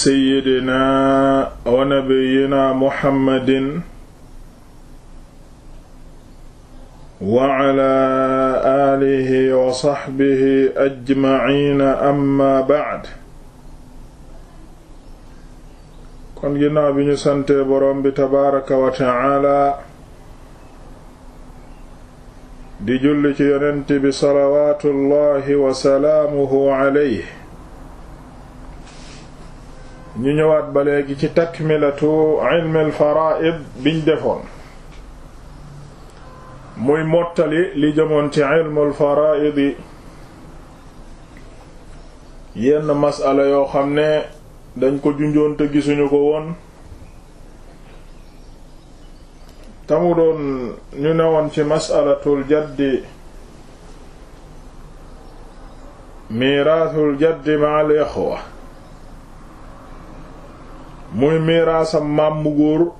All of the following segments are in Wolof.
seyyidina wa nabiyina muhammadin wa ala aalihi wa saxbihi ajmaciina amma bacd kon ginnaaw bi ñu sante boroom bi tabaaraka wa tacaala di julli ci yonent bi salawaatullahi wa salaamuhu alayhi ñu ñëwaat ba léegi ci takmilatu ilm al fara'id biñ defoon muy mottali li jëmoon ci ilm al fara'id yi yenn masala yoo xam ne dañ ko junjoonte gisuñu ko woon tamu doon ñu newoon ci masalatul jaddi miiraatul jaddi ma al muy miraasam maam mu góor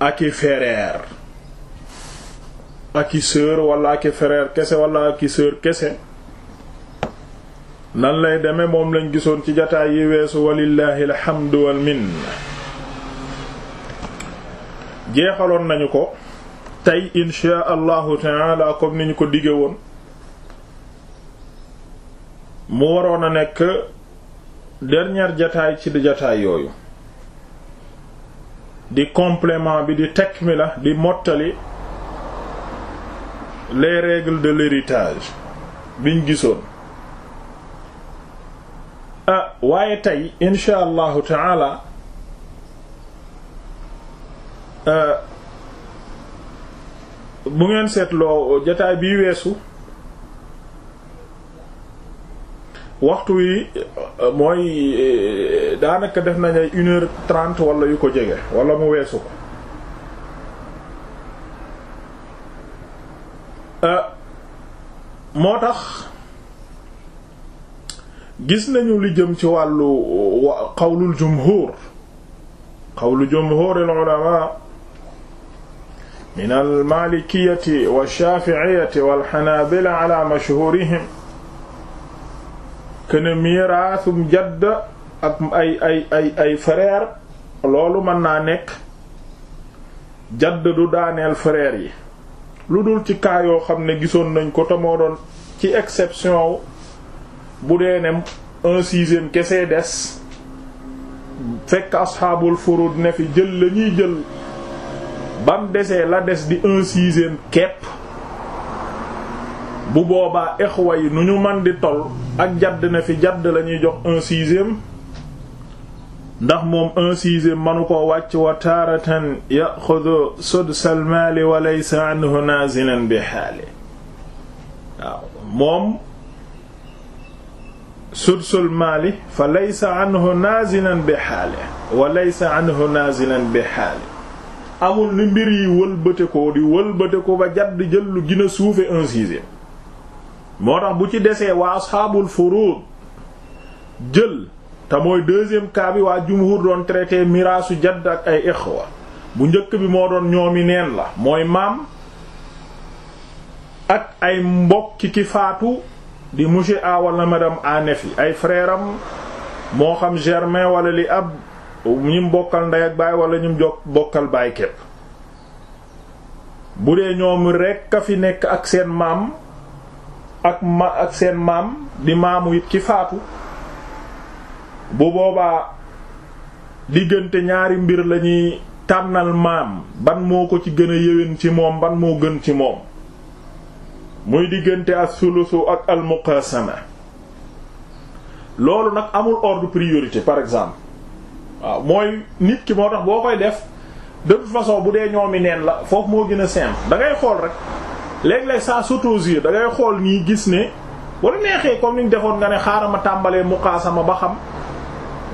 ak i frère ak i sœur wala kese wala ak i kese nan lay demee moom lañ gisoon ci jataay yi weesu walillahi alhamdu wal minna jeexaloon nañu ko tey inshaa allahu taala comme ni ñu ko dige woon mu waroon a nekk dernier jataay ci di jataay yooyu di complement bi di takmila di mottali les règles de l'héritage biñ gisoon ah waaye tey insha allahu taala ah, bu ngeen seetloo jataay bi weesu waxtu wi euh, mooy euh, daanaka def nañ ay une heure trente wala yu ko jege wala mu weesu ko euh, moo tax gis nañu li jëm ci wàllu qawlul jumhur qawlu jumhuril ulama min al malikiyati wa shafi'iyati wal hanabila ala mashhurihim këne miraasum jadd ak ay ay ay ay loolu mën naa nekk jadd du daaneel frère yi lu dul ci cas yoo xam ne gisoon nañ ko te doon ci exception bu dee ne un sixième kese des fekk asxaabul furud ne fi jël la ñuy jël bam desee la des di un sixième kepp bu boobaa exwa yi nu ñu man di toll ak jadd na fi jadd la ñuy jox un sixième ndax moom un sixième manu koo wàcc wa taaratan yaxudu sudsal maali wa laysa anhu nazilan bi xaali moom sudsul maali fa laysa anhu nazilan bi xaali wa laysa mbir yi wëlbate ko di wëlbate ko ba jadd jël lu gën suufe un sixième moo tax bu ci desee waa asxaabul furuud jël te mooy deuxième cas bi waa jumhur doon traité miraasu jadd ak ay ixwa bu njëkk bi moo doon ñoomi neen la mooy maam ak ay mbokki ki faatu di monsieur a wala madame a ay frère moo xam germain wala li ab ñim bokkal ndey ak baay wala ñim bokkal baay képp bu dee ñoom rekk a fi nekk ak seen maam ak ma ak seen maam di maamu it ki faatu bu boobaa diggante ñaari mbir lañuy tànnal maam ban moo ko ci gën a yéwén ci moom ban moo gën ci moom muy diggante ak sulusu ak al loolu nag amul ordre priorité par exemple waaw mooy nit ki moo tax boo koy def de toute bu dee ñoomi neen la foofu moo gën a simple dangay xool rek léeg-léeg ça s'autose da ngay xool nii gis ne wala neexee comme niñ defoon nga ne xaaral ma tàmbalee muqaasama ba xam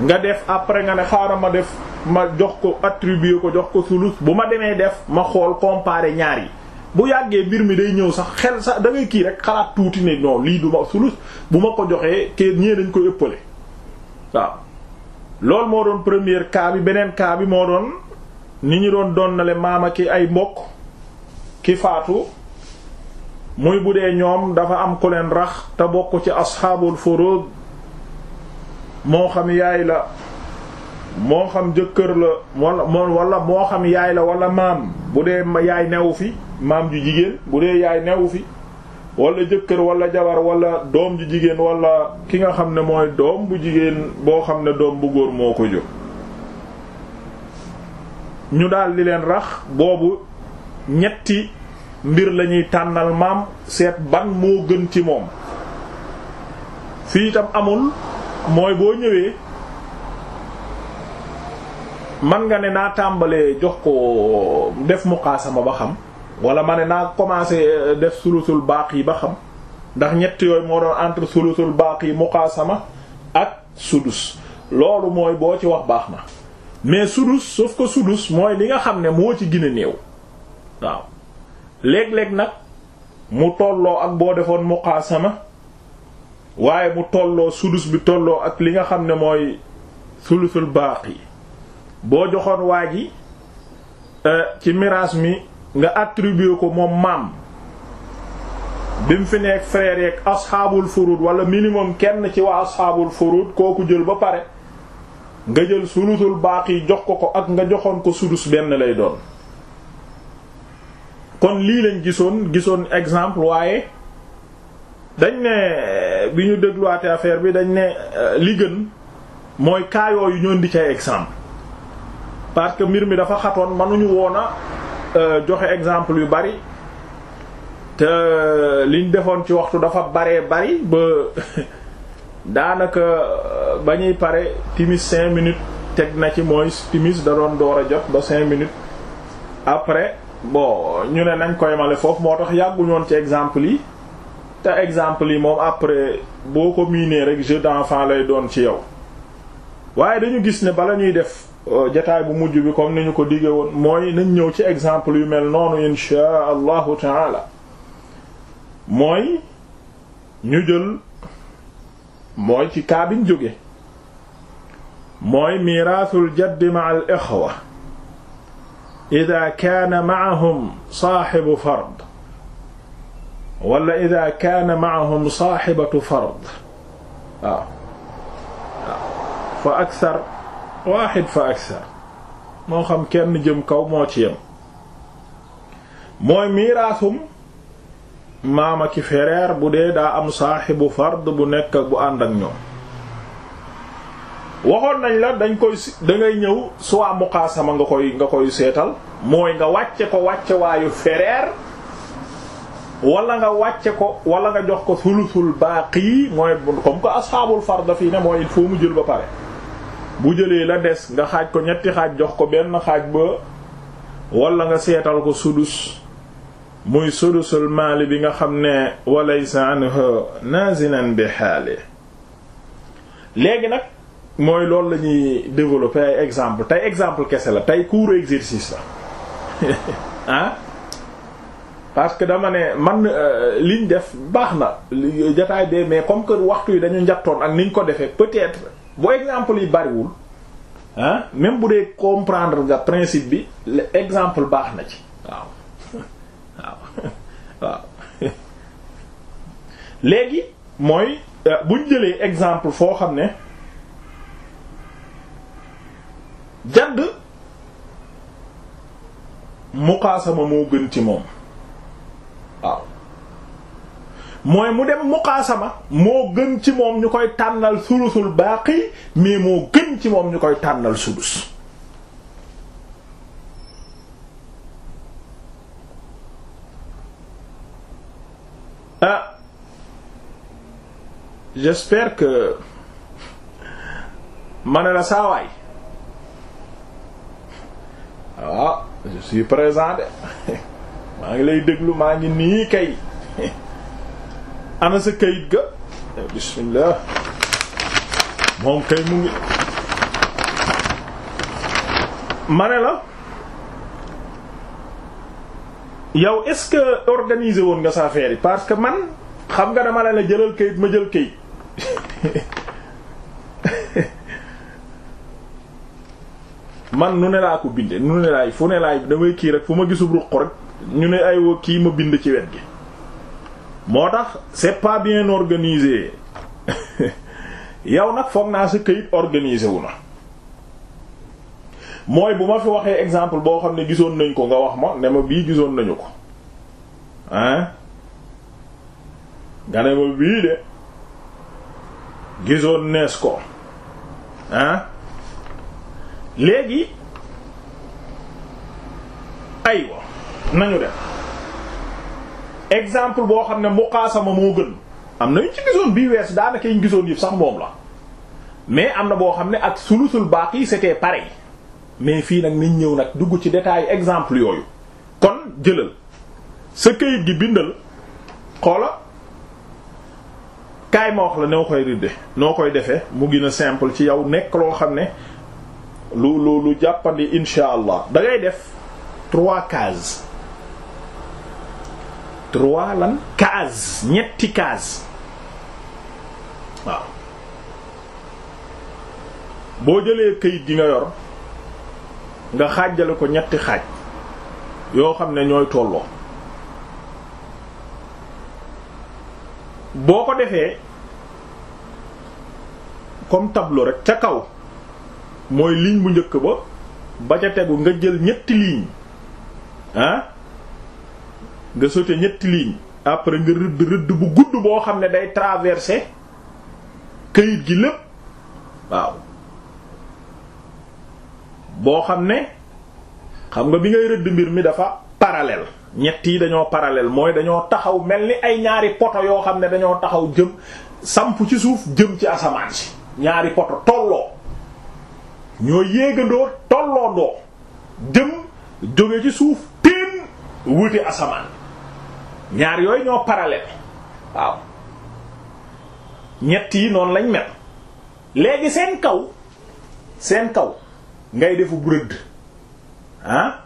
nga def après nga ne xaaral ma def ma jox ko attribuer ko jox ko sulus bu ma demee def ma xool comparer ñaar yi bu yàggee mbir mi day ñëw sax xel sax da kii rek xalaat tuuti ne non lii du ma sulus bu ma ko joxee kii ñee dañ koy ëppale waaw loolu moo doon premier cas bi beneen cas bi moo doon ni ñu doon donnale maama ki ay mbokk ki faatu muy bu dee ñoom dafa am ku leen rax te bokk ci asxaabul furud moo xam yaay la moo xam jëkkër la moo moo xam yaay la wala maam bu dee yaay newu fi maam ju jigéen bu dee yaay newu fi walla jëkkër wala jabar wala doom ju jigéen walla ki nga xam ne mooy doom bu jigéen boo xam ne doom bu góor moo ko jur ñu daldi leen rax boobu ñetti mbir lañuy tànnal maam seet ban moo gën ci moom fii itam amul mooy boo ñëwee man nga ne naa tàmbalee jox ko def muqaasama ba xam wala ma ne naa commencé euh, def sulusul baax yi ba xam ndax ñetti yooyu moo doon entre sulusul baax yi muqaasama ak sudus loolu mooy boo ci wax baax na mais sudus sauf que sudus mooy li nga xam ne moo ci gën a néew léeg-léeg nag mu tolloo ak boo defoon muqaasama waaye mu tolloo sudus bi tolloo ak li nga xam ne mooy sulusul yi boo joxoon waa ji eh, ci miraas mi nga attribuer ko moom maam bi mu fi nekk frère yeeg asxaabul furud wala minimum kenn ci waa asxaabul furud kooku jël ba pare nga jël sulusul yi jox ko ko ak nga joxoon ko sudus benn lay doon kon lii lañ gisoon gisoon exemple waaye dañ ne bi ñu dégluwaate affaire bi dañ ne euh, li gën mooy cas yooyu ñoon di cay exemple parce que mbir mi dafa xatoon mënuñu woon a euh, joxe exemple yu bari te euh, liñ defoon ci waxtu dafa baree bari ba daanaka ba ñuy pare timis cinq minutes teg na ci mooy timis da doon door a jot ba cinq minutes après bon ñu ne nañ koy male foofu moo tax yàgguñoon ci exemple yi te exemple yi moom après boo ko miinee rek jeu d'enfant lay doon ci yow waaye dañu gis ne bala ñuy def euh, jataay bu mujj bi comme ni ko diggee woon mooy nañ ñëw ci exemple yu mel noonu insha allahu taala mooy ñu jël mooy ci kaabiñ jóge mooy miiraatul jadd ma al ida kaana maahum saaxibu fard wala ida kaana maahum saaxibatu fard fa akthar fa akthar moo xam kenn jëm kaw moo ci yem mooy miiraasum maama ki fereer bu dee am saaxibu fard bu nekk bu ànd waxoon nañ la dañ koy da ngay ñëw soit muqaasama nga koy nga koy seetal mooy nga wàcce ko wàcce waayu fereer wala nga wàcce ko wala nga jox ko sulusul baaqi mooy comme que asxaabul farda fii ne mooy il faut mu jël ba pare bu jëlee la des nga xaaj ko ñetti xaaj jox ko benn xaaj ba wala nga seetal ko sudus muy sudusul maali bi nga xam ne walaysa anhu nazilan bi xaali léegi nag mooy loolu la ñuy développer ay exemple tey exemple kese la tey cours exercice la ah parce que dama ne man euh, liñ def baax na jataay be mais comme que waxtu yi dañu njattoon ak niñ ko defee peut-être bu exemple yi bariwul ah même bu dee comprendre nga principe bi exemple baax na ci waaw waaw waaw léegi mooy euh, buñ jëlee exemple foo xam ne jadd muqaasama moo gën ci moom waaw mooy mu dem muqaasama moo gën ci moom ñu koy tànnal sulusul baaqi mais moo gën ci moom ñu koy tànnal sulus ah j'espère que ma la saawaay ah je présent de maa ngi lay déglu maa ngi nii kay ana sa kayit ga bismillah moom kay mu ngi ma ne la yow est-ce que organiser woon nga sa affaire yi parce que man xam nga dama la la jëlal kayit ma jël kayit man nu ne laa ko binde nu ne laay fu ne laay damay kii rek fu ma gisu ruq rek ñu ne ay wa kii ma bind ci wet gi moo tax c'est pas bien organisé yow nag foog naa sa këyit organisé na mooy bu ma fi waxee exemple boo xam ne gisoon nañ ko nga wax ma ne ma bii gisoon nañu ko hein nga ne ma bii de gisoon nees ko hein léegi aywa nañu def exemple boo xam ne muqaasama moo gën am na ñu ci gisoon bii wees daanaka gisoon yëpp sax moom la mais am na boo xam ne ak sulusul baaqi c'était pareil mais fii nag nañ ñëw nag dugg ci détail exemple yooyu kon jëlal sa këyit gi bindal xoola kaay ma wax la noo koy ridde noo koy defee mu gën a simple ci yow nekk loo xam ne lu lu lu jàppandi insha allah da def trois cases trois lan cases ñetti cases waaw boo jëlee kayit gi nga yor nga xàjjale ko ñetti xaaj yoo xam ne ñooy tolloo boo ko defee comme tableau rek ca kaw mooy ligne bu njëkk ba ba ca tegu nga jël ñetti ligne ah nga sauter ñetti ligne après nga rëdd rëdd bu gudd boo xam ne day traverser këyit gi lépp waaw boo xam ne xam nga bi ngay rëdd mbir mi dafa parallèle ñett yi dañoo parallèle mooy dañoo taxaw mel ni ay ñaari poto yoo xam ne dañoo taxaw jëm samp ci suuf jëm ci asamaan si ñaari poto tolloo ñoo yéegandoo tolloondoo jëm jóge ci suuf teen wuti asamaan ñaar yooyu ñoo parallèle waaw ñett yi noonu lañ mel léegi seen kaw seen kaw ngay defu rëdd ah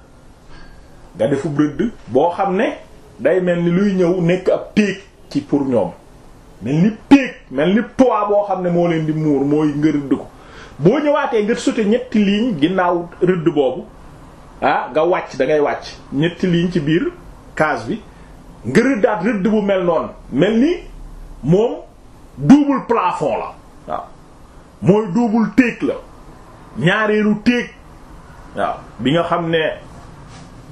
nga defu rëdd boo xam ne day mel ni luy ñëw nekk ab téeg ci pour ñoom mel ni téeg mel ni toit boo xam ne moo leen di muur mooy nga rëdd ko boo ñëwaatee nga sauter ñetti ligne ginnaaw rëdd boobu ah nga wàcc da ngay wàcc ñetti liiñ ci biir case bi nga rëddaat rëdd bu mel noonu mel ni moom double plafond la waaw mooy double téeg la ñaareelu téeg waaw bi nga xam ne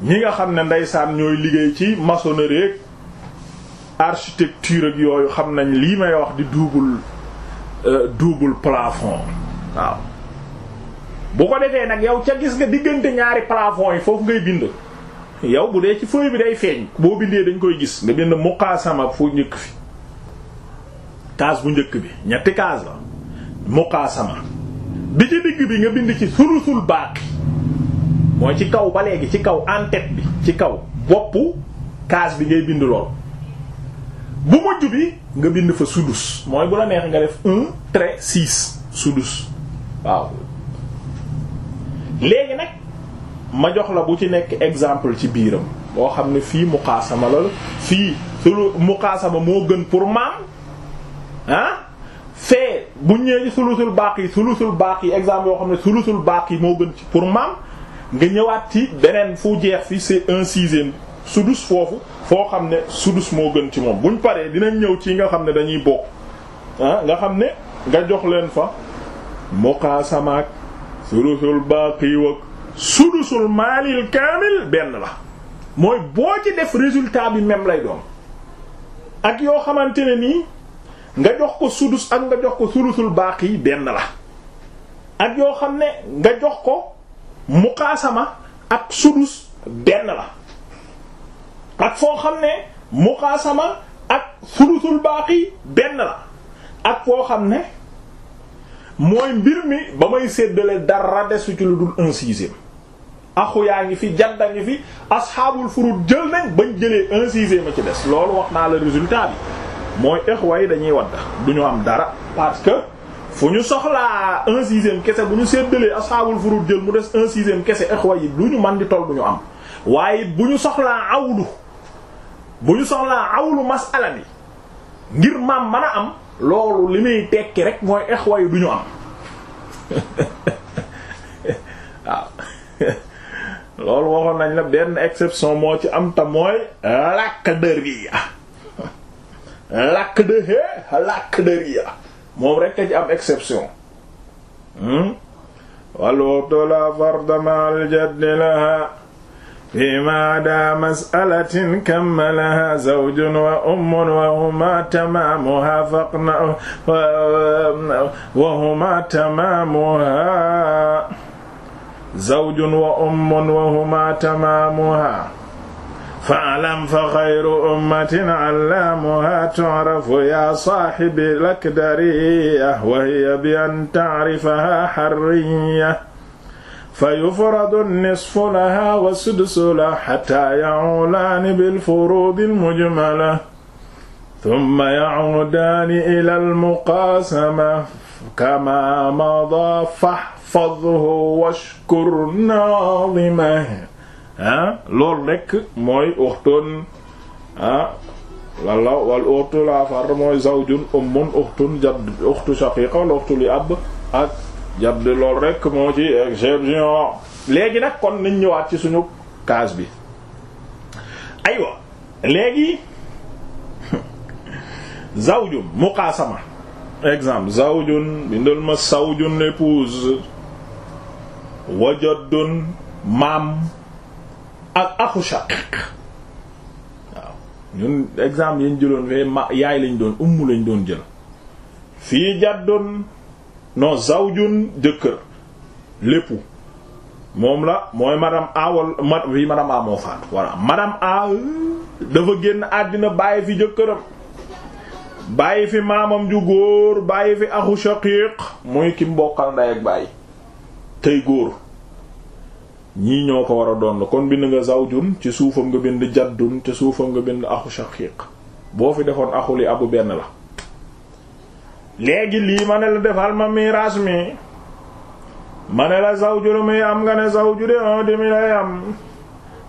ñi nga xam ne ndeysaan ñooy liggéey ci maçonnerie architecture yooyu xam nañ lii may wax di double euh, double plafond waaw bu ko defee nag yow ca gis nga diggante ñaari plafond yi foofu ngay bind yow bu dee ci feuille bi day feeñ boo bindee dañ koy gis nga bind muqaasama fu njëkk fi kaas bu njëkk bi ñetti kaas la bi ci bi nga bind ci sulusul baaqi mooy ci kaw ba léegi ci kaw en bi ci kaw boppu kaas bi ngay bind lool bu mujj bi nga bind fa sudus mooy bu la neex nga def un trait six sudus waaw léegi nag ma jox la bu ci nekk exemple ci biiram boo xam ne fii muqaasama la fii sulu muqaasama moo gën pour maam ah fee bu ñëwee sulusul baaq yi sulusul baax yi exemple yoo xam ne sulusul baaq yi moo gën ci pour maam nga ñëwaat ci beneen fu jeex fi ci un sixième sudus foofu foo xam ne sudus moo gën ci moom buñ paree dinañ ñëw ci nga xam ne dañuy bokk ah? nga xam ne nga jox leen fa muqaasamaak sulusul baaqi wak sudusul maalil kaamil benn la mooy boo ci def résultat bi même lay doon ak yoo xamante ne nii nga jox ko sudus ak nga jox ko sulusul baaqi benn la ak yoo xam ne nga jox ko muqaasama ak sudus benn la ak foo xam ne muqaasama ak sulusul baaqi benn la ak foo xam ne mooy mbir mi ba may séddale dara desu ci lu dul un sixième axu yaa ngi fi jadda ngi fi asxaabul furud jël nañ bañ jëlee un sixième a ci des loolu wax naa la résultat bi mooy exwa yi dañuy wadda du ñu am dara parce que fu ñu soxlaa un sixième kese bu ñu séddalee asxaabul furud jël mu des un sixième kese exwa yi lu ñu man di toll du ñu am waaye bu ñu soxlaa awlu bu ñu soxlaa awlu masala bi ngir maam mën a am loolu li muy tekki rek mooy exwa yi du am loolu waxoon nañ la benn exception moo ci am ta mooy làkk dëria làkk de hee làkk dëria moom rek ci am exception hmm? walwotula fardama aljaddi laha fi ma daa masalatin kammalaha zawjun wa ummun wa huma tamaamuha faqna wa huma tamaamuha zawjun wa ummun wa huma tamaamuha fa'lam fa xayru ummatin allaamuha tu'rafu yaa saaxibi lakdariya wa hiya bi an ta'rifaha harriya fa yufradu nisfu laha wa sudsu la xataa yacuulaani bilfuruudi almujmala tumma yacuudaani ila almuqaasama kama mada faxfadhu washkur naadima ah loolu rekk mooy uxtun ah walla wal uxtu la far mooy zawjun ummun uxtun jadd uxtu shaqiqa wala uxtu li ab ak jabd lool rek moo ci exception léegi nag kon nañ ñëwaat ci suñu kaas bi aywa léegi zawjun muqaasama exemple zawjun bindal ma sawjun l'épouse wajadun maam ak axu shaqiq waaw ñun exemple yañ jëloon fee yaay lañ doon ummu lañ doon jël fii jaddun non zawjun jëkkër lépp moom la mooy madame A wala ma fii madame faatu voilà madame A euh, dafa génn àddina bàyyi fi jëkkëram bàyyi fi maamam ju góor bàyyi fi axu shaqiq muy ki mbokkal ndey ak bàyyi tey góor ñii ñoo ko war a doon kon bind nga zawjun ci suufam nga bind jaddun ci suufam nga bind axu shaqiq boo fi defoon axu li abu benn la léegi lii ma la defal ma miraas mi ma la zawju lu am nga ne zawju de un demi lay am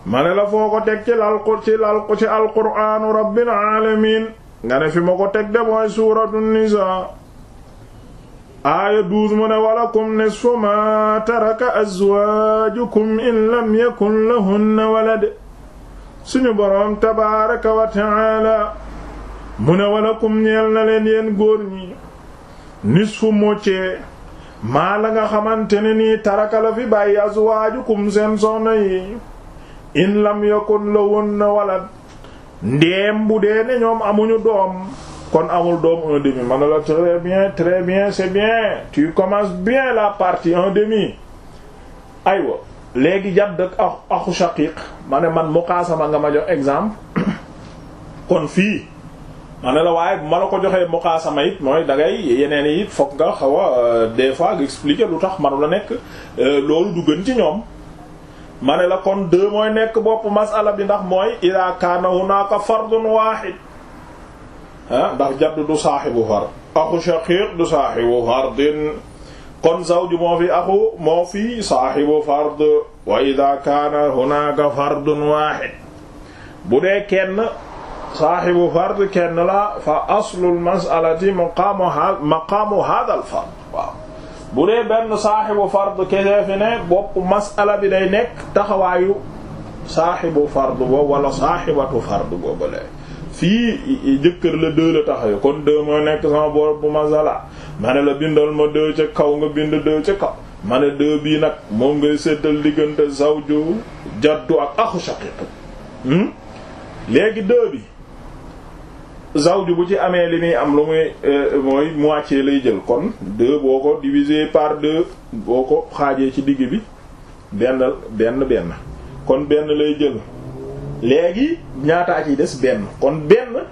ma la foo ko teg ci lal ci lal ci rabbil alamin nga fi ma ko teg de mooy suuratu nisaa aaya douze mu ne walakum nisfu ma taraka azwaajukum in lam yakun lahunna walad suñu boroom tabaaraka wa ta'aala mu ne walakum ñeel na leen yeen góor ñi nisfu moccee maa la nga xamante ne nii taraka la fi bàyyi azwaajukum seen soxna yi in lam yakun na walla ndeem bu dee ne ñoom amuñu doom kon amul doom un demi man la très bien très bien c'est bien tu commences bien la partie un demi aywa léegi jadd ak axu shaqiq ma ne man muqaasama nga ma jox exemple kon fii ma ne la waaye bu ma la ko joxee mukaasama it mooy dangay yeneen yi it fokk nga xaw a euh, des fois lu tax manu la nekk euh, loolu du gën ci ñoom ma ne la kon deux mooy nekk bopp masala bi ndax mooy ida kaana hunaaka fardun waahid ah, ndax jadd du saaxibu fard axu shaqiiq du saaxibu fardin kon zawju moo fi axu moo fi saaxibu fard wa ida kaana hunaaka fardun waahid bu dee kenn saaxibu fard kenn la fa aslul masalati maqaamu maqaamu fard bu dee benn saaxibu fard kese fi ne bopp masala bi day nekk taxawaayu saaxibu fard boobu wala saaxibatu fard boobu la fii jëkkër la deux la taxawee kon deux mooy nekk sama bopp masala ma ne la bindal ma deux ca kaw nga bind deux ca kaw ma ne deux bii nag moom ngay séddal diggante zawju jaddu ak axu shaqiq hmm? léegi deux bi zawju bu ci amee li muy am lu muy euh, mooy moitié lay jël kon deux boo ko divisé par deux boo ko xaajee ci digg bi benn benn benn kon benn lay jël léegi ñaata ak ciy des benn kon benn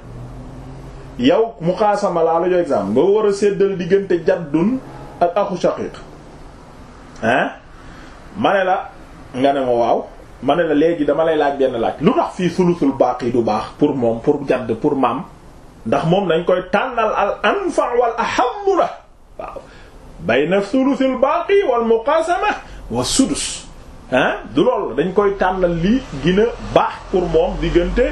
yow muqaasama laa la jox exemple boo war séddal diggante jaddun ak axu shaqiq hein ma ne la nga ne ma waaw ma ne la léegi dama lay laaj benn laaj lu tax fii sulusul yi du baax pour moom pour jadd pour maam ndax moom dañ koy tànnal al anfa wal ahammu na waaw bayna thuluthil baaqi wal muqaasama wa sudus ah du loolu dañ koy tànnal lii gën a baax pour moom diggante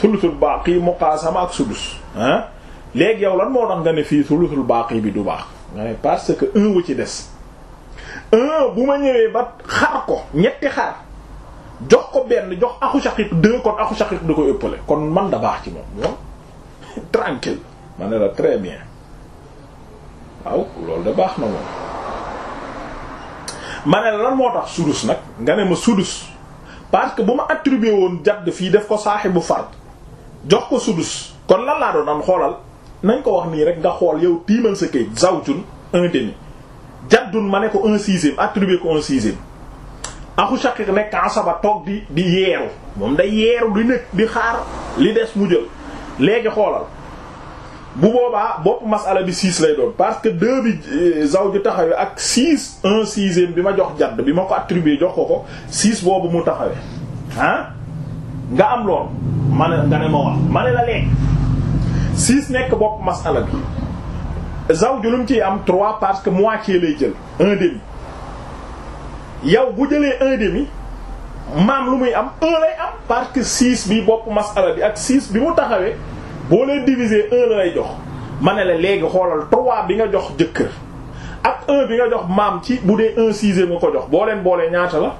thuluthul baaqi muqaasama ak sudus ah léegi yow lan moo tax nga ne fii thuluthul baaqi bi du baax nga ne parce que un wu ci des un bu ma ñëwee ba xar ko ñetti xar jox ko benn jox axu shaqiq deux kon aku shaqiq du ko ëppale kon man da baax ci moom tranquille ma ne la très bien waaw loolu de baax na moom ma ne la lan moo tax sudus nag nga ne ma sudus parce que bu ma attribué woon jadd fii def ko saaxibu fard jox ko sudus kon la laa doon am xoolal nañ ko wax nii rek nga xool yow tiimal sa kay zawjun un demi jaddun ma ne ko un sixième attribué ko un sixième axu shaqiq nekk asaba toog di di yeeru moom day yeeru di nekk di xaar li des mu jël léegi xoolal bu boobaa bopp masala bi six lay doon parce que deux bi saw euh, ji taxawee ak six un sixième bi ma jox jadd bi ma ko attribué jox ko ko six boobu mu taxawee ah nga am lool ma ne nga ne ma wax ma ne la léegi six nekk bopp masala bi zaw ji lu mu ciy am trois parce que moitié lay jël un demi yow bu jëlee un demi maam lu muy am un lay am parce que six bi bopp masala bi ak six bi mu taxawee boo leen diviser un la lay jox ma ne la léegi xoolal trois bi nga jox jëkkër ak un bi nga jox maam ci bu dee un sixième nga ko jox boo leen boolee ñaata la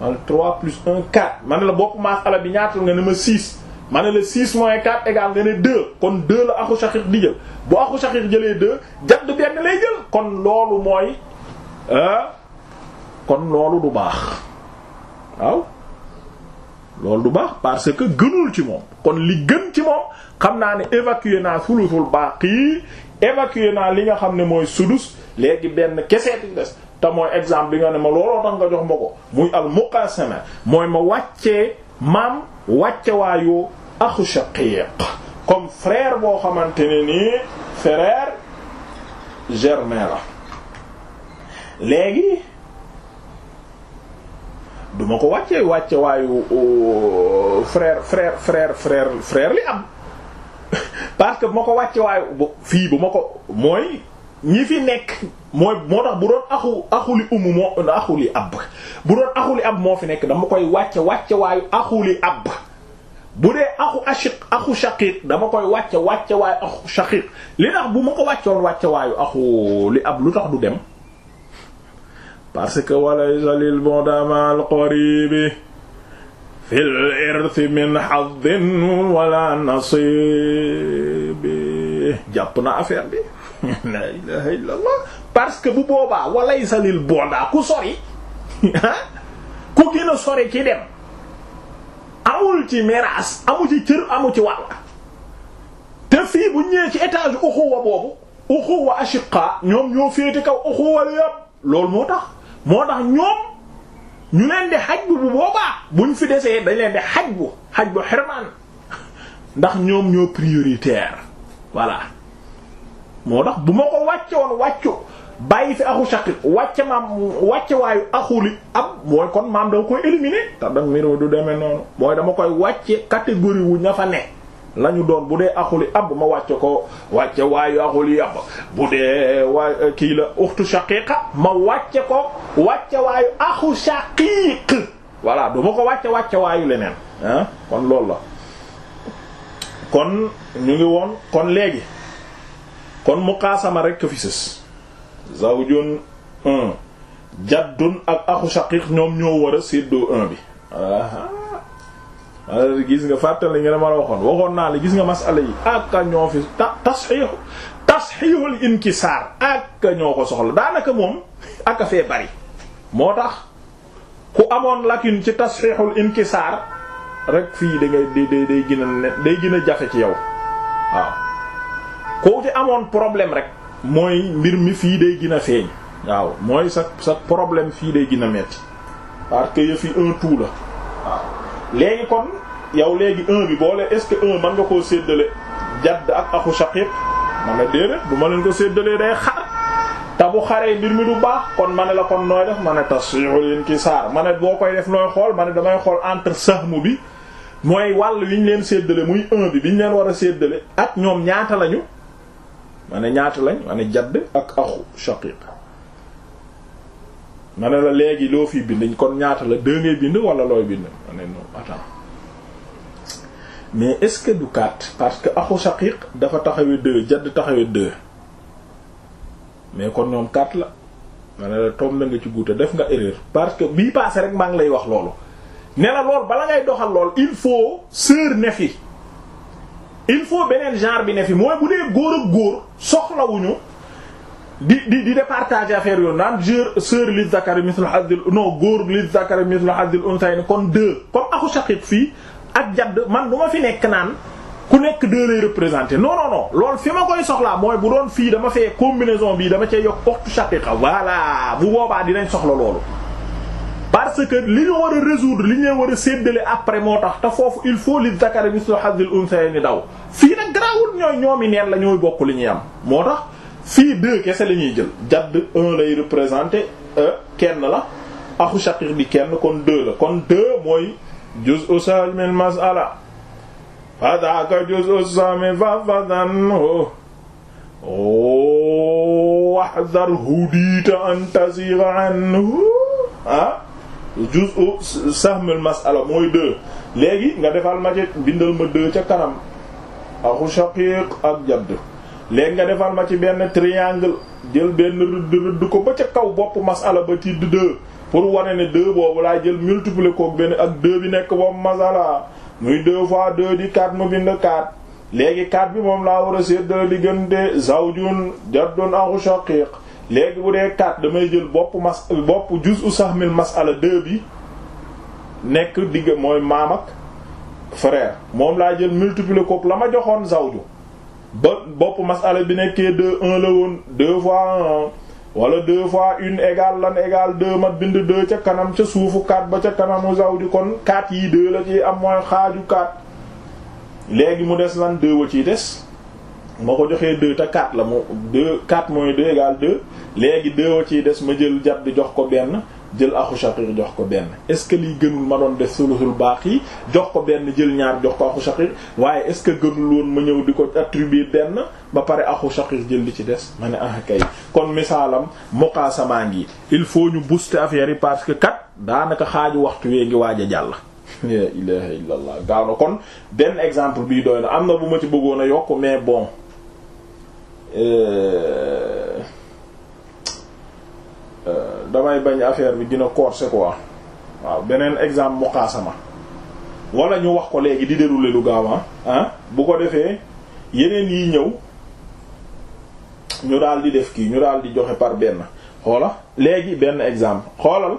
man 3 plus 1 4 ma ne la bopp maas ala bi ñaata nga ne ma 6 ma ne la 6 moins 4 égal nga ne 2 kon 2 la axu shaqiq di jël bu axu shaqiq jëlee 2 jadd benn lay jël kon loolu mooy ah kon loolu du baax waaw loolu du baax parce que gënul ci moom kon li gën ci moom xam naa ne évacuer naa sulusul baaqi évacuer naa li nga xam ne mooy sudus léegi benn keseeti des te mooy exemple bi nga ne ma looloo tax nga jox ma ko muy al muqasama mooy ma wàccee maam wàcce waayoo axu shaqiq comme frère boo xamante ne nii frère germain la léegi duma ko wàccee wàcce waayu frère frère frère li am parce que bu ma ko wàcce waayu fii bu ma ko mooy ñi fi nekk mooy moo tax bu doon axu axuli umu moo axuli ab ab moo fi nekk dama koy wàcce wàcce waayu axuli bu dee axu ashiq axu shaqiq dama koy wàcce wàcce waayu axu shaqiq bu ma ko wàccoon wàcce waayu axu li ab lu tax du dem parce que walaysa lil budama al qaribi fil irthi min haddin wala nasibi jàpp na affaire bi la ilaha illallah parce que bu boobaa walaysa lil bu'da ku sori ah ku gën a sori dem amul ci miraas amu ci cër amu te fii bu ñëwee ci étage uxuwa boobu uxuwa ashiqa ñoom ñoo féete kaw uxuwa yépp loolu moo tax moo tax ñoom ñu leen di xaj bu bu ñu fi desee dañ leen di xaj bu xaj bu xirmaan ndax ñoom ñoo prioritaire voilà moo tax bu ma ko wàcce woon wàccu bàyyi fi aku shaqiq wàcce maam wàcce waayu axuli ab mooy kon maam danga koy éliminer tax danga miro du demee noonu mooy dama koy wàcce catégorie wu ña fa ne lañu doon bu dee axuli ab ma wàcce ko wàcce waayu axuli ab bu dee waay eh, kii la uxtu shaqiqa ma wàcce ko wàcce waayu axu shaqiq voilà du ma ko wàcce wàcce waayu leneen ah kon loolu la kon ñu ngi woon kon léegi kon muqaasama rek ka fi sës zawjun jaddun ak axu shaqiq ñoom ñoo war a séddoo un bi ah, ah. wala gis nga fàttali nga dama la waxoon waxoon naa la gis nga masala yi ak ñoo fi ta tasxiix tasxiixul inkisaar ak ñoo ko soxla daanaka moom ak a fee bari moo tax ku amoon lacune ci tasxiixul inkisaar rek fii da day day gën a ne day gin a jafe ci yow waaw ku ci amoon problème rek mooy mbir mi fii day gin a feeñ waaw mooy sa sa problème fii day gin a metti parce que yëf yi la waaw léegi kon yow léegi un bi boole est-ce que un mën nga koo séddale jadd ak axu shaqiq man la déedéet bu ma leen ko séddalee day xar te bu xaree mbir mi du baax kon ma ne la kon nooy def ma ne tasrihul inkisaar ma ne boo koy def nooy xool ma ne damay xool entre sahmu bi mooy wàll wi ñu leen séddale muy un bi bi ñu leen war a séddale ak ñoom ñaata lañu ma ne ñaata lañ ma ne ak axu shaqiq ma ne la léegi loo fi bind kon ñaata la deux ngay bind wala looy bind ma ne non attends mais est-ce que du quatre parce que axu shaqiq dafa taxawee deux jadd taxawee deux mais kon ñoom quatre la ma ne la toom na nga ci guute def nga erreur parce que bii passé rek maa ngi lay wax loolu ne la lool bala ngay doxal lool il faut sœur ne fi il faut beneen genre bi ne fi mooy bu dee góor ak góor soxlawuñu di di di départager affaire yoon naan jeur sœur li zakari mithlu hadhil non góor li zakari mithlu hadhil unthayn kon deux comme axu shaqiq fii ak jadd man du fi nekk naan ku nekk deux lay représenter non non fi ma koy soxlaa mooy bu doon fii dama fee combinaison bii dama cee yokk oxtu shaqiqa voilà bu boobaa dinañ soxla loolu parce que li ñu war a li ñu war a séddale après moo tax te foofu il faut li zakari mithlu hadhil unthayn ni daw fii nag garaawul ñooy neen la ñooy bokk li ñuy am moo fii deux kese la ñuy jël jadd un lay représenter euh, kenn la axu shaqiq bi kenn kon deux la kon deux mooy juz'u sahl min mas'ala fadaka juz'u sami fafadan wahdar hudita an tasiga anhu ah juz'u sahmul mas'ala mooy deux léegi nga defal ma ci bindal ma deux ca kanam axu shaqiq ak jadd léegi nga defal ma ci benn triangle jël benn rëdd rëdd ko ba ca kaw bopp masala ba ci deux pour wane ne deux boobu laa jël multiplier koog benn ak deux bi nekk boobu masala muy deux fois deux di quatre mu bind quatre léegi quatre bi moom laa war a séddale diggante zawjun jaddun aw shaqiq léegi bu dee quatre damay jël bopp mas bopp juz'u sahmil masala deux bi nekk digg mooy maam ak frère moom laa jël multiplier koog la ma joxoon zawju ba bopp masala bi nekkee deux un la woon deux fois un wala deux fois une égale lan égale deux ma bind deux ca kanam ca suufu quatre ba ca kanamu zawdi kon quatre yi deux la ci am mooy xaaju quatre léegi mu des lan deux wa ciy des ma ko joxee deux te quatre la mu deux quatre mooy deux égale deux léegi deux wa ciy des ma jël jat bi jox ko benn jël axu shaqiq jox ko benn est-ce que liy gënul ma doon def sulusul baax yi jox ko benn jël ñaar jox ko axu shaqiq waaye est-ce que gënul woon ma ñëw di ko attribuer benn ba pare axu shaqiq jël li ci des ma ne ah kay kon misaalam muqaasamaa ngi il faut ñu booster affaire yi parce que kat daanaka xaaju waxtu wee ngi waaj a jàll. la kon benn exemple bii doy na am na bu ma ci bëggoon a yokk mais bon. Euh, Euh, damay bañ affaire bi dina corsé quoi waaw beneen exemple ma wala ñu wax ko léegi di dérouler lu gaaw ah, ah. bu ko defee yeneen yi ñëw ñu daal di def kii ñu daal di joxe par benn xoola léegi benn exemple xoolal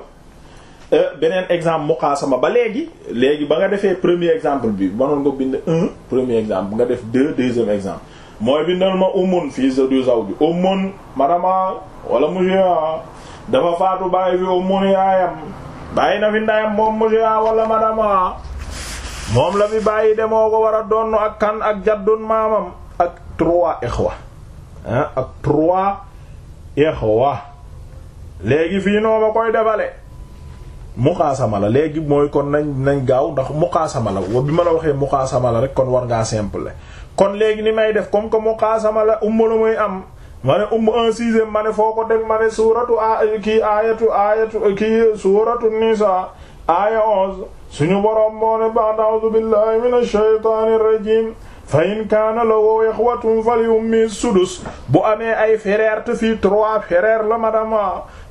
euh, beneen exemple ma ba léegi léegi ba nga defee premier exemple bi manoon nga bind un premier exemple nga def deux deuxième exemple mooy bindal ma umun fii saw du zawji umun madama wala monsieur dafa faatu bàyyi fi mu nu yaayam bàyyi na fi ndayam moom monsieur A wala ma A moom la fi bàyyi demoo ko war a donn ak kan ak jaddun maamam ak trois ixwa ah ak trois ixwa léegi fii noo ma koy defale mukaasama la léegi mooy kon nañ nañ gaaw ndax mukaasama la wa bi ma la waxee mukaasama la rek kon war ngaa simple kon léegi ni may def comme que mukaasama la umma la muy am ma ne umm un sixième ma foo ko dégg ma ne suuratu a kii aayatu aayatu suuratu nisaa aaya suñu boroom moo ne ba'd a'uuzu billahi minash shaytaanir rajiim fa in kaana lahu ixwatun falyummi sudus bu amee ay frère te fii trois frère la madama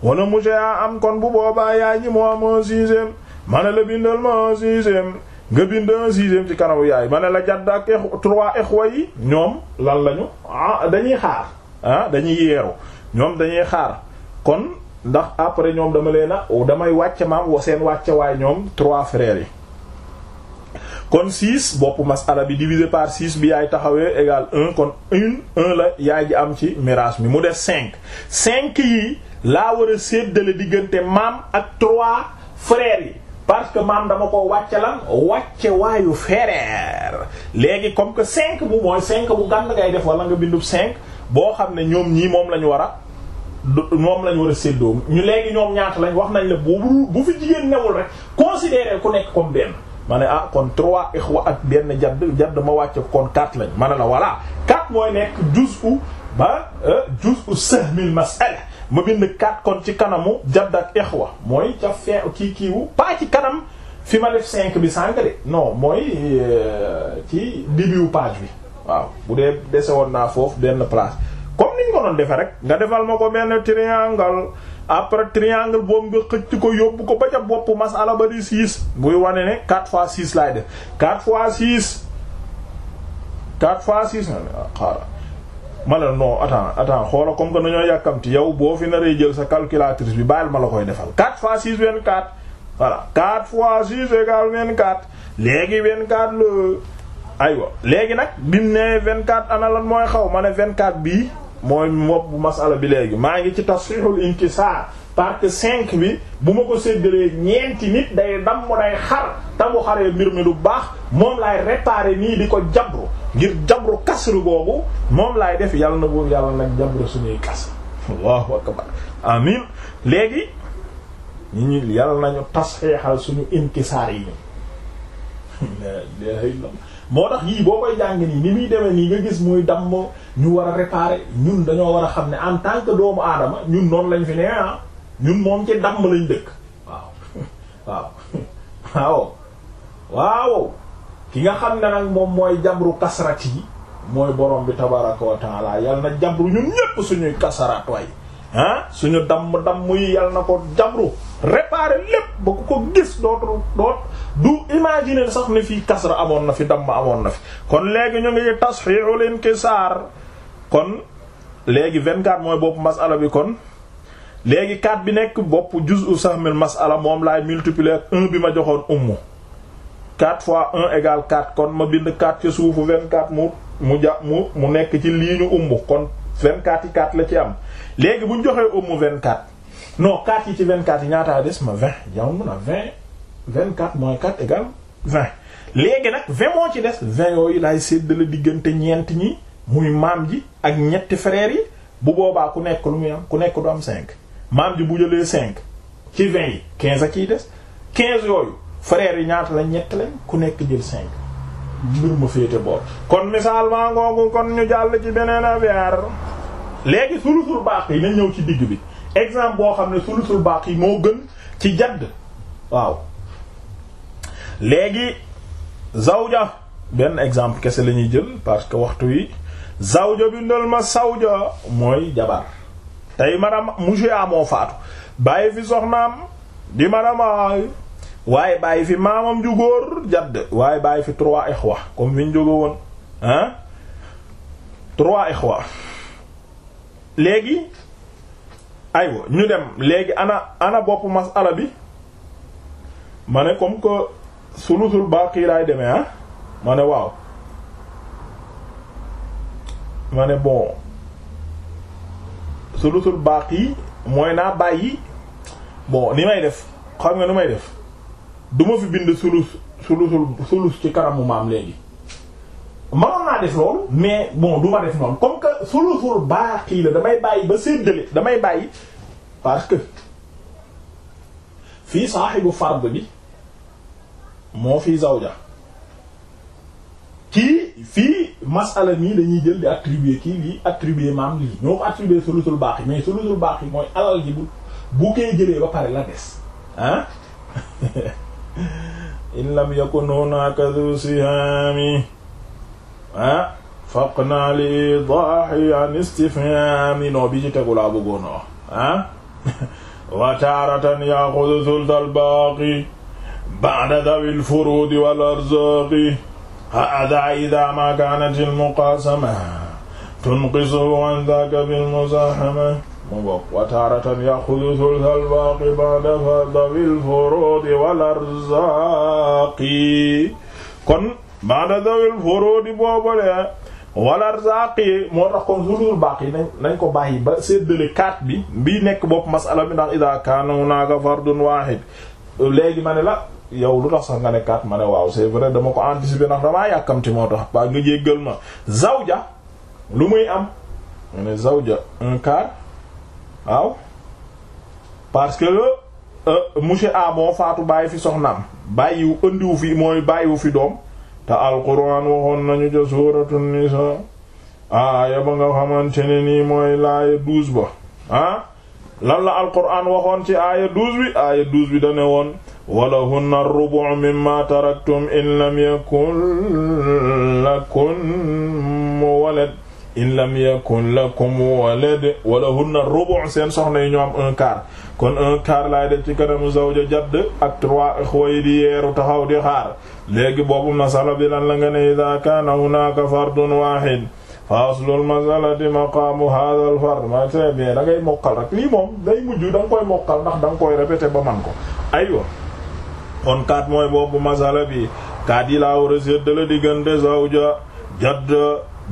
wala monsieur a am kon bu boobaa yaay ji moo am un sixième ma ne la bindal ma un nga bind un ci kanamu yaay ma la jadd ak trois ixwa yi ñoom lan lañu ah, dañuy xaar ah dañuy yeeru ñoom dañuy xaar kon ndax après ñoom dama leen a oh, damay wàcce maam seen wàcce waay ñoom trois frères yi kon 6 boppu masala bi divisé par 6 bi yaay taxawee égal 1 kon 1 1 la yaay ji am ci miraas mi mu def cinq cinq yi laa war a séddale diggante maam ak 3 frères yi parce que maam dama ko wàcce lan wàcce waayu frère léegi comme que 5 bu mooy 5 bu gànn ngay def wala nga bindub 5 boo xam ne ñoom ñii moom lañ war a moom lañu war a séddoo ñu léegi ñoom ñaata lañ wax nañ la bu bu fi jigéen newul rek considérer ku nekk comme benn ma ne ah kon trois ixwa ak benn jadd jadd ma wàcce kon quatre lañ ma ne la voilà quatre mooy nekk juz'u ba euh, juz'u sahmil mas'ala ma bind quatre kon ci kanamu jadd ak ixwa mooy ca fin kii kiiwu pas ci kanam fi ma def cinq bi sànq no non mooy euh, ci dibiwu page bi waaw bu dee dese woon naa foofu benn place comme niñ ko doon defee rek nga defal ma ko benn triangle après triangle boobu nga xëcc ko yóbbu ko ba ca bopp masala ba di 6 buy wane ne 4 fois 6 laay def 4 fois 6 4 fois 6 xaaral ma ne non attends attends xoola comme que nañoo yàkkamti yow boo fi naree jël sa calculatrice bi bàyyil ma la koy defal 4 fois 6 24 voilà 4 fois 6 égale 24 léegi 24 aywa léegi nag bi mu nee 24 mooy xaw ma ne 24 bii mooy mopp masala bi léegi maa ngi ci tasfixul inkisaar parce que 5 bi bu ma ko séddalee ñeenti nit day damm day xar te mu mbir mi du baax moom laay réparer nii di ko jabru ngir jabru kasru boobu moom laay def yàlla na buur yàlla nag jabru suñuy kas allahu akbar amin léegi ñu ñu yàlla nañu tasxiixal suñu intisar yi ñu moo tax yii boo koy jàng nii ni muy demee nii nga gis muy damm ñu war a réparer ñun dañoo war a xam ne en tant que doomu aadama ñun noonu lañ fi ne ah ñun moom ci damm lañ dëkk waaw waaw waaw ki nga xam ne nag moom mooy jabru kasrat yi mooy borom bi tabaraka wa taala yal na jabru ñun ñépp suñuy kasaraat way ah suñu damm damm yi yal na ko jabru réparer lépp ba ku ko gis dootu doot du imaginer sax ne fii kasra amoon na fi ma amoon na fi kon léegi ñu ngi tashihul saar kon léegi 24 mooy bopp masala bi kon léegi 4 bi nekk bopp juz'u sahmil masala moom laay multiplier ak 1 bi ma joxoon ummu 4 fois 1 égale 4 kon ma bind 4 ci suufu 24 mu mu jax mu mu nekk ci lii ñu umb kon 24 yi 4 la ci am léegi bu ñu joxee ummu 24 non 4 yi ci 24 yi ñaataa des ma 20 yow mun a 20 vingt-quatre moins quatre égale vingt léegi nag vingt moo ci des vingt yooyu laay séddale diggante ñeent ñi muy maam ji ak ñetti frères yi bu boobaa ku nekk lu muy am ku nekk du am cinq maam ji bu jëlee cinq ci vingt yi quinze a ciy des quinze yooyu frères yi ñaata la ñetti lañ ku nekk jël cinq mbir ma féete boor kon misaal maa ngoogu kon ñu jàll ci beneen affaire léegi sulusul baax yi na ñëw ci digg bi exemple boo xam ne sulusul baax yi moo gën ci jadd waaw léegi zawja benn exemple kese lañuy jël parce que waxtu yi zawja bindal ma sawja mooy jabar tey madame monsieur A moo faatu bàyyi fi soxnaam di madame A waaye bàyyi fi maamam ju góor jadd waaye bàyyi fi trois ixwa comme fi ñu jóge woon ah trois ixwa léegi aywa ñu dem léegi ana ana bopp masala bi ma ne comme que sulusul baaqi laay demee ah ma ne waaw ma ne bon sulusul baaqi mooy naa bàyyi boo ni may def xam nga nu may def du ma fi bind sulus sulusul sulus ci kanamu maam léegi mënoon naa def loolu mais bon du ma def noonu comme que sulusul baaqi la damay bàyyi ba séddale damay bàyyi parce que fii saaxibu fard bi moo fi zawja kii fii masala nii dañuy jël di attribuer kii lii attribuer maam lii ñoo ko attribuer sulusul baax yi mais sulusul baax yi mooy alal ji bu bu koy jëlee ba pare la des ah in lam yakun hunaka dhu sihami ah faqna li idahi an istifhami non bi ci tegu laa bëggoona wax wa taratan yaxudu sultal baaqi ba'da dhawil furuudi wal arzaaqi haadaa idaa maa kaanatil muqaasama tunqisuhu an dhaaka bil muzaahama mu bokk wa taaratan ya'xudu thulthal baaqi ba'da dhawil furuudi wal arzaaqi kon ba'da dhawil furuudi boobale wala arzaq yi moo tax kon zulul baax yi nañ nañ ko bàyyi ba séddale kaat bi bii nekk bopp masala bi ndax ida kaana hunaaka fardun waahid léegi ma ne la yow lu tax sax nga ne kat ma ne waaw c'est vrai dama ko anticiper ndax damaa yàkkamti moo tax ba nga jéggal ma zawja lu muy am nga ne zawja un quart waaw parce euh, faatu bàyyi fi soxnaam bàyyiwu andiwu fi mooy bàyyiwu fi doom te alquran waxoon nañu ca suuratu nisa aaya ba nga xamante nii mooy laaya douze ba ah lan la alquran waxoon ci aaya bi aaya bi dane woon walahunna rubu' mimma taraktum in lam yakun lakum walad in lam yakun lakum walad walahunna rubu' seen soxna yi ñoo am un quart kon un quart laay def ci kanamu zawja jadd ak trois ixwa yi di yeeru taxaw di xaar léegi boobu masala bi lan la nga ne ida kaana hunaaka fardun waahid fa aslul masalati maqaamu hadha al fard ma très bien da ngay mokkal rek lii moom day mujj da nga koy mokkal ndax da nga koy répété ba man ko aywa kon kat mooy boobu masala bi kat yi laa war a séddale diggante zawja jadd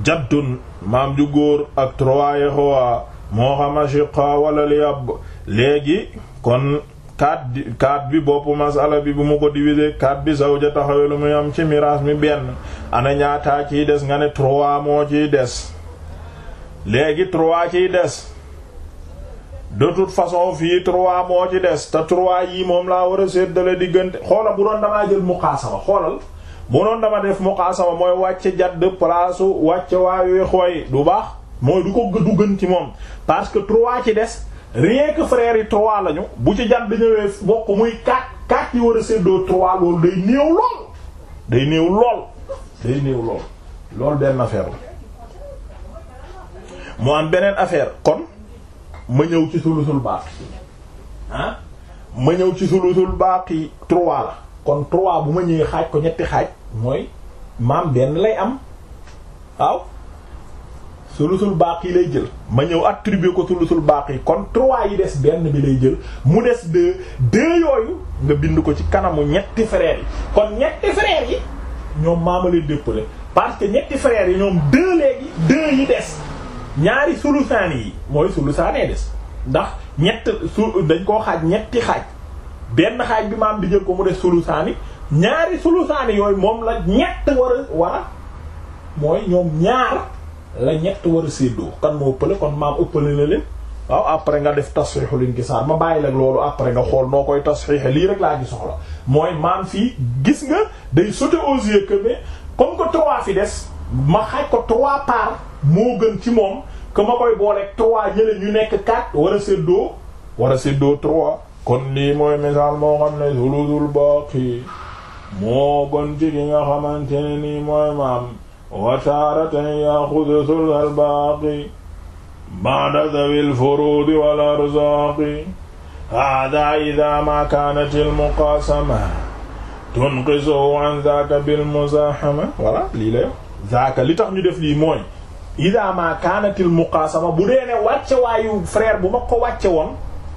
jaddun maam ju góor ak trois yaxawaa moo xam ashiqa wala li yàbb léegi kon kat di kat bi boppu masala bi bu ma ko diviser kat bi zawja taxawee lu am ci miraas mi benn ana ñaataa ciy des nga ne trois moo ciy des léegi trois ciy des de toute façon fii trois moo ci des te trois yii moom laa war a séddale diggante xoolal bu doon damaa jël muqaasama xoolal bu doon dama def muqaasama mooy wàcc jadd place wàcce waaye xooy du baax mooy du ko du gën ci moom parce que trois ci des rien que frères yi trois lañu bu ci jadd ñëwee bokk muy quatre quatre yi war a séddoo trois loolu day néew lool day néew lool day néew lool loolu benn affaire la mu am beneen affaire kon. ma ñëw ci sulusul baaqi ah ma ñëw ci sulusul baaqi trois la kon trois bu ma ñëwee xaaj ko ñetti xaaj mooy maam benn lay am waaw sulusul baaqi lay jël ma ñëw attribuer ko sulusul baaqi kon trois yi des benn bi lay jël mu des deux deux yooyu nga bind ko ci kanamu ñetti frères yi kon ñetti frères yi ñoom maama leen déppale parce que ñetti frères yi ñoom deux léegi deux yi des ñaari sulusaani yi mooy sulusaanee des ndax ñett su dañ koo xaaj ñetti xaaj benn xaaj bi maam bi jël ko mu des sulusaani ñaari sulusaani yooyu moom la ñett war a mooy ñoom ñaar la ñett war a séddoo kan moo ëppale kon maam ëppale la leen waaw après nga def tasxiixul inkisaar ma bàyyi lag loolu après nga xool noo koy tasxiixe lii rek laa gi soxla mooy maam fii gis nga day sauter aux yeux que comme que trois fi des ma xaaj ko trois parts moo ci moom que ma koy booleeg trois ñële ñu nekk quatre war a séddoo a séddoo trois kon lii mooy misaal moo xam ne sulusul baaqi moo gën ci ki nga xamante ne nii mooy maam wa taaratan yaxudu sulsal baaqi ida ma kaanat al muqaasama an zaaka bil muzaahama voilà lii la zaaka li def lii mooy ida ma kaanatil muqaasama bu dee ne wàcce waayu frère bu ma ko wàcce woon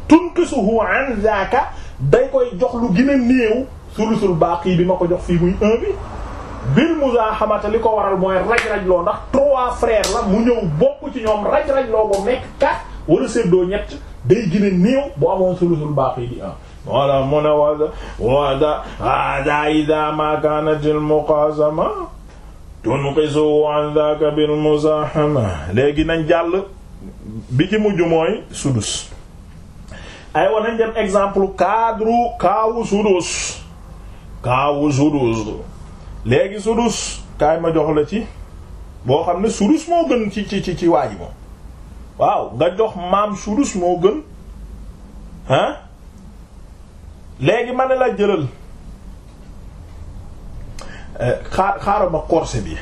tunkisuhu an zaaka day koy jox lu gën a néew sulusul baaqi bi ma ko jox fii muy un bi bil muzaahamata li ko waral mooy raj-raj loo ndax trois frères la mu ñëw bokk ci ñoom raj-raj loo bu nekk kat wala séddoo ñett day gën a néew bu amoon sulusul baaqi di un wala mu ne wada wada ada ida ma kaanatil muqaasama tunqisu an dhaka bil muzahama léegi nañ jàll bi ci mujj mooy sudus ay wa nañ dem exemple cadre kaawu sudus kaawu sudus léegi sudus kaay la ci boo xam ne sudus moo gën ci ci ci waa ji moom nga jox maam sudus moo gën ah léegi ma ne la jëlal Euh, xaar xaaral ma corse bi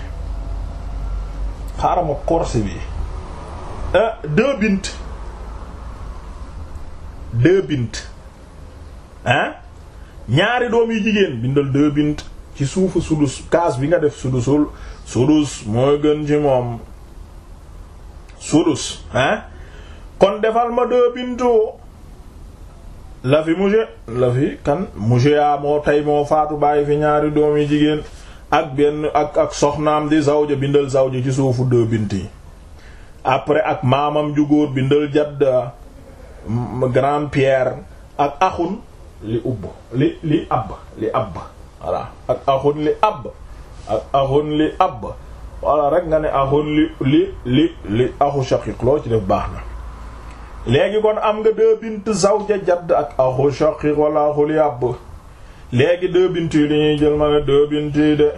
xaaral ma corse bi euh, deux bint deux bint hein ñaari doom yu jigéen bindal deux bint ci suufu sudus kaas bi nga def sudusul sudus mooy gën ci moom sudus hein kon defal ma deux bintu la fi mujje kan mujje yaa moo tey moo faatu bàyyi fi ñaari doom yu jigéen ak benn ak ak soxnaam di zawja bindal zawja ci suufu deux bint yi après ak maamam ju góor bindal jadda grand pierre ak axun li ubb li li abb li abb voilà ak axun li abb ak axun li abb voilà rek nga ne axun li li li li axu shaqiq loo ci def baax na léegi kon am nga deux bint zawja jadd ak axu shaqiq wala axu li léegi deux bint yi dañuy jël ma ne deux bintu yi de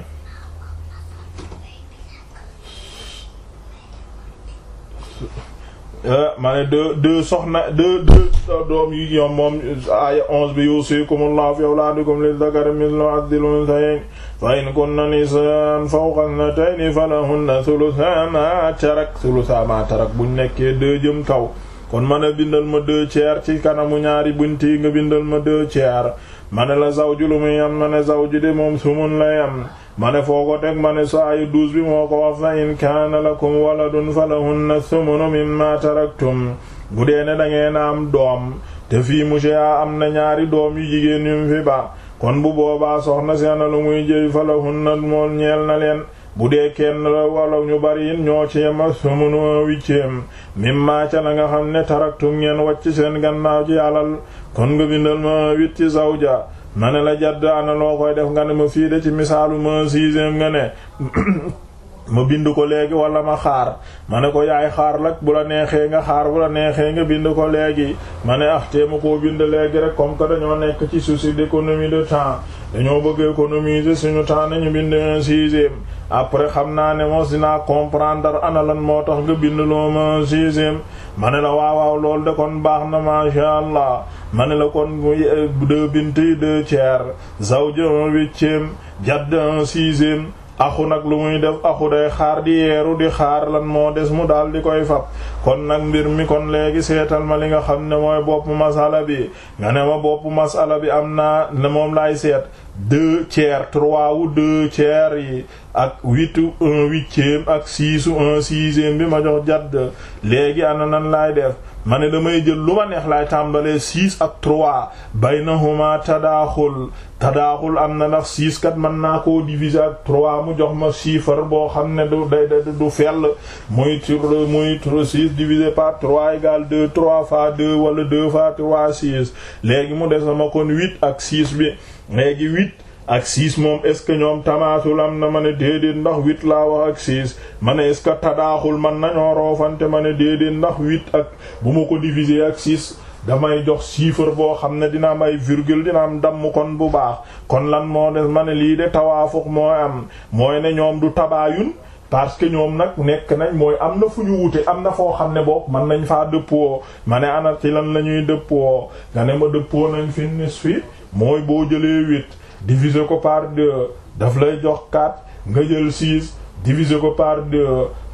eh, ma ne deux soxna deux deux doom yi ñoom moom aaya onze bi yuusikumullahu fi awlaadikum lizakari mithlu hazzil unthayayn fa in kunna nisaan fawqa thnatayni falahunna thuluthaa maa tarak thuluthaa maa buñ nekkee deux jëm kaw kon ma ne bindal ma deux tiers ci kanamu ñaari bintu yi nga bindal ma deux tiers ma ne la zawju lu muy am ma ne zawju de moom sumun lay am ma ne foo ko teg ma ne saayu douze bi moo ko wax fa in kaana na waladun falahunna sumunu mimma taraktum bu dee ne da ngeen am doom te fii monsieur a am na ñaari doom yu jigéen yum fi ba kon bu boobaa soxna seena lu muy jëy falahunna moo ñeel na leen bu dee kenn la wala ñu bari yin ñoo ci yem asumunu wiccéem mimma ca na nga xam ne taraktu ngeen wàcc seen gannaaw ci alal kon nga bindal ma witt ci zawja ma ne la jadd ana loo koy def nga ne ma fii de ci misaalu ma sixième nga ne ma bind ko léegi wala ma xaar ma ne ko yaay xaar lak bu la neexee nga xaar bu la neexee nga bind ko léegi ma ne ah téema koo bind léegi rek comme que dañoo nekk ci souci d'économie de temps dañoo bëgg économiser suñu temps ñu bind un sixième après xam naa ne mos dinaa comprendre ana lan moo tax nga bind loo ma un sixième ma ne la waawaaw lool de kon baax na masha allah ma ne la kon bu euh, deux binti deux tiers zawja un huitième jadd un sixième axu nag lu muy def axu day xaar di yeeru di xaar lan moo des mu daal di koy fab kon nag mbir mi kon léegi seetal ma li nga xam ne mooy bopp masala bi nga ne ma bopp masala bi am naa ne moom laay seet deux tiers trois wu deux tiers yi ak huit un huitième ak six un sixième bi ma jox jadd léegi ana nan laay def ma ne damay jël lu ma neex laay tàmbalee six ak trois baynahuma tadaaxul tadaaxul am na ndax six kat mën naa koo diviser ak trois mu jox ma chiffre boo xam ne du day du fell muy tur muy tur six divisé par trois égale deux trois fois deux wala deux fois trois six léegi mu des ma kon huit ak six bi léegi huit ak six moom est ce que ñoom tamaasul am na ma ne déedéet ndax huit laa wax ak six ma ne est ce que tadaaxul man nañoo roofante ma ne déedéet ndax huit ak bu ma ko diviser ak six damay jox chiffre boo xam ne dina am ay virgule dina am damm kon bu baax kon lan moo des ma ne lii de tawaafuq moo am mooy ne ñoom du tabaayun parce que ñoom nag nekk nañ mooy am na fu ñu wute am na foo xam ne boo mën nañ faa dëppoo ma ne ana ci lan la ñuy dëppoo nga ne ma dëppoo nañ fi nis fi mooy boo jëlee huit diviser ko par deux daf lay jox kat nga jël six diviser ko par deux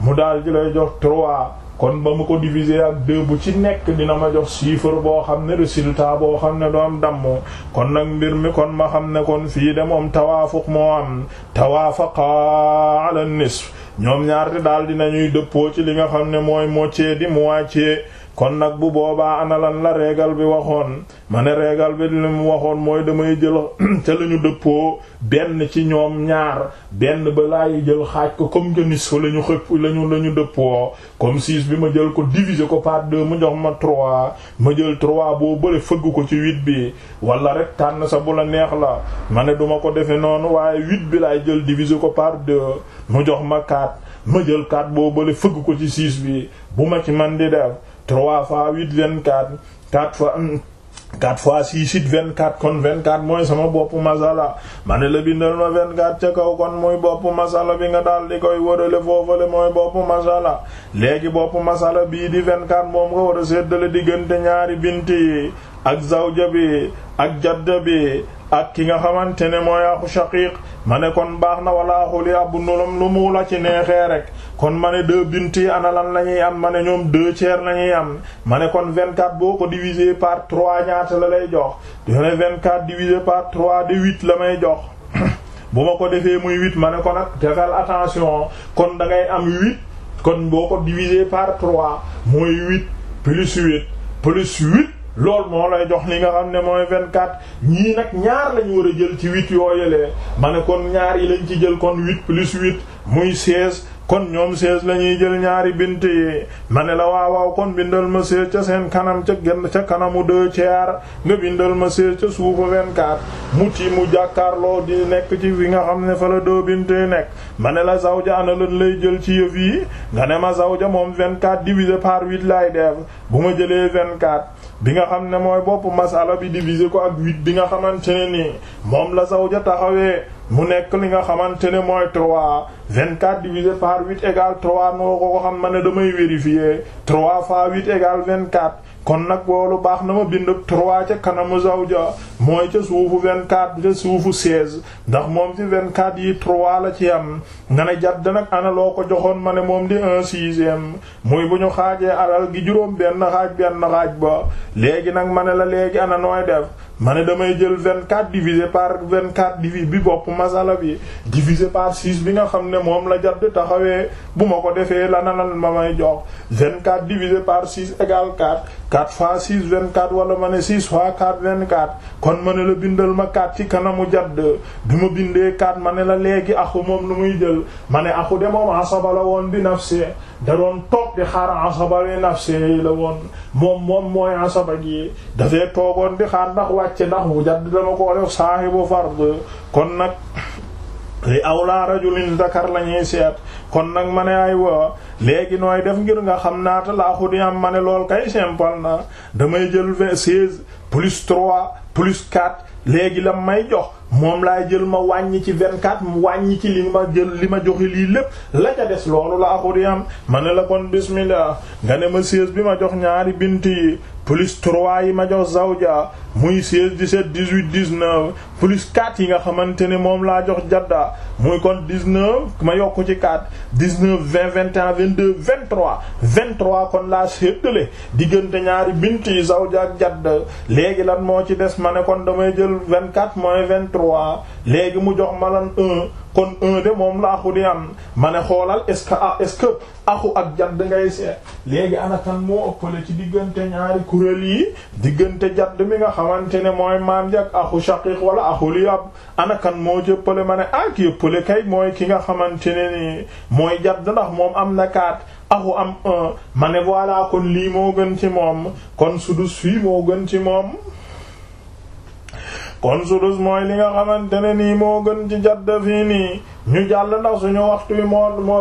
mu daal di jox trois kon ba mu ko diviser ak deux bu ci nekk dina ma jox chiffre boo xam ne résultat boo xam ne doom dammu kon nag mbir mi kon ma xam ne kon fii de moom tawaafuq moo am tawaafaqa ala nisf ñoom ñaar te daal ñuy dëppoo ci li nga xam ne mooy moitié di moitié kon nag bu boobaa ana lan la régal bi waxoon ma ne régal bi li mu waxoon mooy damay jël ca la ñu dëppoo benn ci ñoom ñaar benn ba laay jël xaaj ko comme que nis fa la ñu xëpp la ñu la ñu dëppoo comme six bi ma jël ko diviser ko par deux mu jox ma trois ma jël trois boo bëre fëgg ko ci huit bi wala rek tànn sax bu la neex la ma ne duma ko defe noonu waaye huit bi laay jël diviser ko par deux mu jox ma quatre ma jël quatre boo bëre fëgg ko ci six bi bu ma ci man di def trois fois huit vingt quatre quatre fois quatre fois six huit vingt quatre kon vingt quatre mooy sama bopp masala ma ne la bindal ma vingt quatre ca kaw kon muy bopp masala bi nga daal di koy wërale foofale mooy bopp masala léegi bopp masala bii di vingt quatre moom nga war a diggante ñaari bint yi ak zawja bi ak jadda bi ak ki nga xamante ne mooy axu shaqiq ma ne kon baax na wala axuli abu nulum lu mu la ci neexee rek kon ma ne deux bint yi ana lan la ñuy am ma ne ñoom deux tiers la ñuy am ma ne kon vingt boo ko divisé par trois ñaata la lay jox done vingt-quatre divisé par trois de huit la may jox bu ma ko defee muy huit ma ne ko nag defal attention kon dangay am huit kon boo ko divisé par trois mooy huit plus huit plus huit loolu moo lay jox li nga xam ne mooy 24 ñii nag ñaar lañ war a jël ci 8 yooyalee ma ne kon ñaar yi lañ ci jël kon 8 plus 8 muy 16 kon ñoom 16 la ñuy jël ñaari bint yi ma ne la waawaaw kon bindal ma 16 ca seen kanam ca genn ca kanamu 2 tiers nga bindal ma 16 ca suufa 24 mu ti mu jàkkaarloo di nekk ci fi nga xam ne fa la doo bint yi nekk ma ne la zawja ana lan lay jël ci yëf yi nga ne ma zawja moom 24 divisé par 8 laay def bu ma jëlee 24 bi nga xam ne mooy bopp masala bi diviser ko ak huit bi nga xamante ne nii moom la zawja taxawee mu nekk li nga xamante ne mooy trois vingt-quatre divisé par huit égale trois noo ko ko xam ma ne damay vérifier trois fois huit égale vingt-quatre kon nag boolu baax na ma bind trois ca kanamu zawja mooy ca suufu vingt-quatre ca suufu seize ndax moom ci vingt-quatre yi trois la ci am nga ne jadd nag ana loo ko joxoon ma ne moom di un sixième muy bu ñu xaajee alal gi juróom benn xaaj benn xaaj ba léegi nag ma ne la léegi ana nooy def ma ne damay jël vingt-quatre divisé par vingt-quatre divisé bi bopp masala bi divisé par six bi nga xam ne moom la jadd taxawee bu ma ko defee la lan ma may jox vingt-quatre par six égale quatre 4 fois 6 24 wala ma ne 6 fois vingt 24 kon ma ne la bindal ma 4 ci kanamu jadd bi ma bindee 4 ma ne la léegi axu moom lu muy jël ma ne axu de moom asaba la woon bi nafsi da doon toog di xaar asaba bi nafsi la woon moom moom mooy asaba gi dafee toogoon di xaar ndax wàcce ndax mu jadd dama ko def saahibu fard kon nag li awlaa rajulin zakar la ñuy seet kon nag ma ne ay wa léegi nooy def ngir nga xam naata laaxu di am ma ne lool kay simple na damay jël vingt seize plus trois plus quatre léegi la may jox moom laay jël ma wàññi ci 24 mu wàññi ci li ma jël li ma joxe lii lépp la ca des loolu la aku di am ma ne la kon bismillah nga ne ma sées bi ma jox ñaari bint yi plus trois yi ma jox zawja muy 16 17 18 19 plus 4 yi nga xamante ne moom laa jox jadda muy kon dix 19 ma yokku ci 4 19 deux 21 22 23 23 kon laa le diggante ñaari bint yi zawja ak jadda léegi lan moo ci des ma ne kon damay jël 24 moins 23 léegi mu jox ma lan 1 kon 1 de moom la axu di am ma ne xoolal est-ce que ah ce que axu ak jadd ngay seet léegi ana kan moo ëppale ci diggante ñaari kuréel yi diggante jadd mi xamante ne mooy maam jak axu shaqiq wala axu li ab anakan moo jëppale ma ne ak ah, yëppale kay mooy ki nga xamante ne ni mooy jadd ndax moom am na kaat axu am un ma ne voilà kon lii moo gën ci moom kon sudus fii moo gën ci moom kon sudus mooy li nga xamante ne nii moo gën ci jadd fii nii ñu jàll ndax suñu waxtu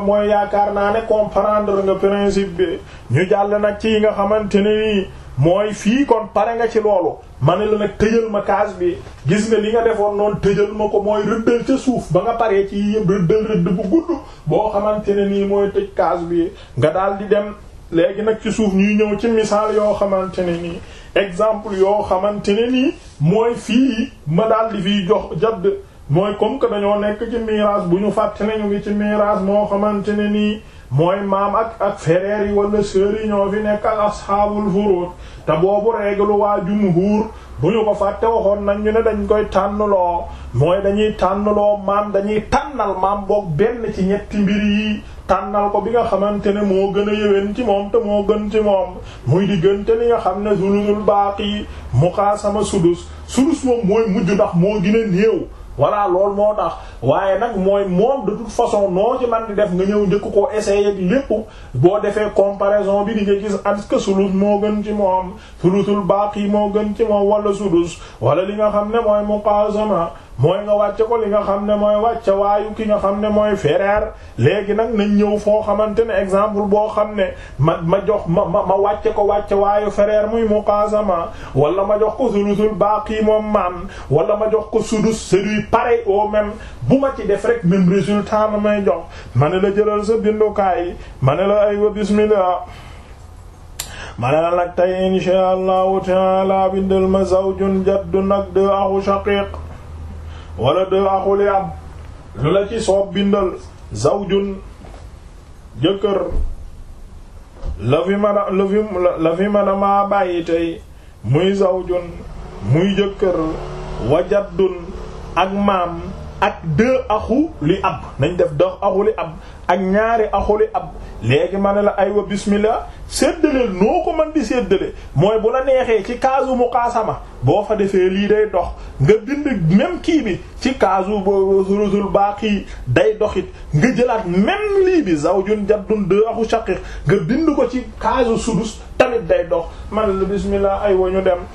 mooy yaakaar naa ne comprendre nga principe bi ñu jàll nag ci nga xamante nii mooy fii kon pare nga ci loolu ma ne la nag tëjal ma kaas bi gis nga li nga defoon noonu tëjal ma ko mooy rëddal ca suuf ba nga paree ci yëpp rëddal rëdd bu gudd boo xamante ne nii mooy tëj kaas bi nga daal di dem léegi nag ci suuf ñuy ñëw ci misaal yoo xamante ne nii exemple yoo xamante ne nii mooy fii ma daal di fiy jox jadd mooy comme que dañoo nekk ci miraas bu ñu fàtte ne ñu ngi ci miraas moo xamante ne nii mooy maam ak ak frères yi wala sœurs yi ñoo fi nekk ak asxaabul furuud te boobu règle waa jumhuur bu ñu ko fàtte waxoon nañ ne dañ koy tànnloo mooy dañuy tànnloo maam dañuy tànnal maam boog benn ci ñetti mbir yi tànnal ko bi nga xamante ne moo gën a yëwén ci moom te moo gën ci moom muy diggante li nga xam ne sulusul baaqi muqaasama sudus sudus moom mooy mujj ndax moo gën a néew voilà loolu moo tax waaye nag mooy moom de toute façon noo ci man di def nga ñëw njëkk koo essayer lépp boo defee comparaison bi di nga gis est que sulus moo gën ci moom sulusul baaqi moo gën ci moom wala sudus wala li nga xam ne mooy muqaasama mooy nga wàcce ko li nga xam ne mooy wàcce waayu ki nga xam ne mooy fereer léegi nag nañ ñëw foo xamante ne exemple boo xam ne ma ma jox ma ma ma wàcce ko wàcce waayu fereer muy muqasama wala ma jox ko sulusul baaqi moom maam wala ma jox ko sudus celui pareil au même bu ma ci def rek même résultat ma may jox ma ne la jëlal sa bindukaay ma ne la aywa bismillah ma ne la nag tey insha allahu taala bindal ma zawjun jaddun ak de axu shaqiq wala deux axuli ab lu la ci soob bindal zawjun jëkkër la fi mën a la fi mën a maa bàyyi tey muy zawjun muy jëkkër wajaddun ak maam ak deux axu li ab nañ def deux axu ab ak ñaari axuli ab léegi ma ne la aywa bismillah séddaleel noo ko man di seddale mooy bu la neexee ci kaasu muqaasama boo fa defee lii day dox nga bind même kii bi ci kaasu sulusul baaqi day doxit nga jëlaat même lii bi zawjun jaddun deux axu shaqiq nga bind ko ci kaasu surus tamit day dox man la bismillah aywa ñu dem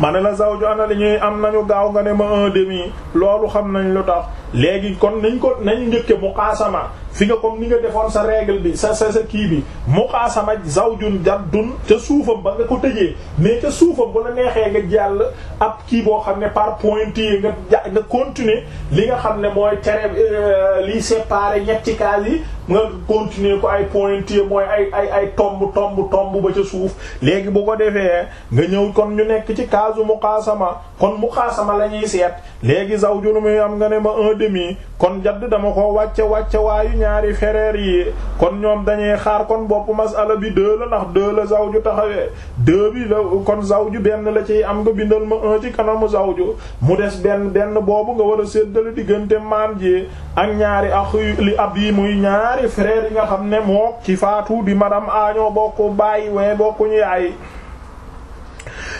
ma ne la zawju ana li ñuy am nañu gaaw nga ne ma un mi loolu xam nañu lu tax léegi kon nañ ko nañ njëkke muqaasama fi nga comme ni nga defoon sa règle bi sa sa sa kii bi muqaasama zawjun jaddun ca suufam ba nga ko tëjee mais ca suufam bu la neexee nga jàll ak kii boo xam ne par point yi nga ja nga continuer li nga xam ne mooy tere euh, li séparé ñetti kaas yi nga continuer ko ay point yi mooy ay ay ay tomb tomb tomb ba ca suuf léegi bu ko defee nga ñëw kon ñu nekk ci kaasu muqaasama kon muqaasama la seet léegi zawjun mi am nga ne ma un demi kon jadd dama ko wàcce wàcce waayu ñaari fereer yi kon ñoom dañuy xaar kon bopp masala bi deux la ndax deux la zawju taxawee deux bi la kon zawju benn la ciy am nga bindal ma un ci kanamu zawju mu des benn benn boobu nga war a séddale diggante maam ji ak ñaari ak li ab yi muy ñaari frère yi nga xam ne moo ci faatu di madame añoo bokk bàyyi waaye bokkuñu yaay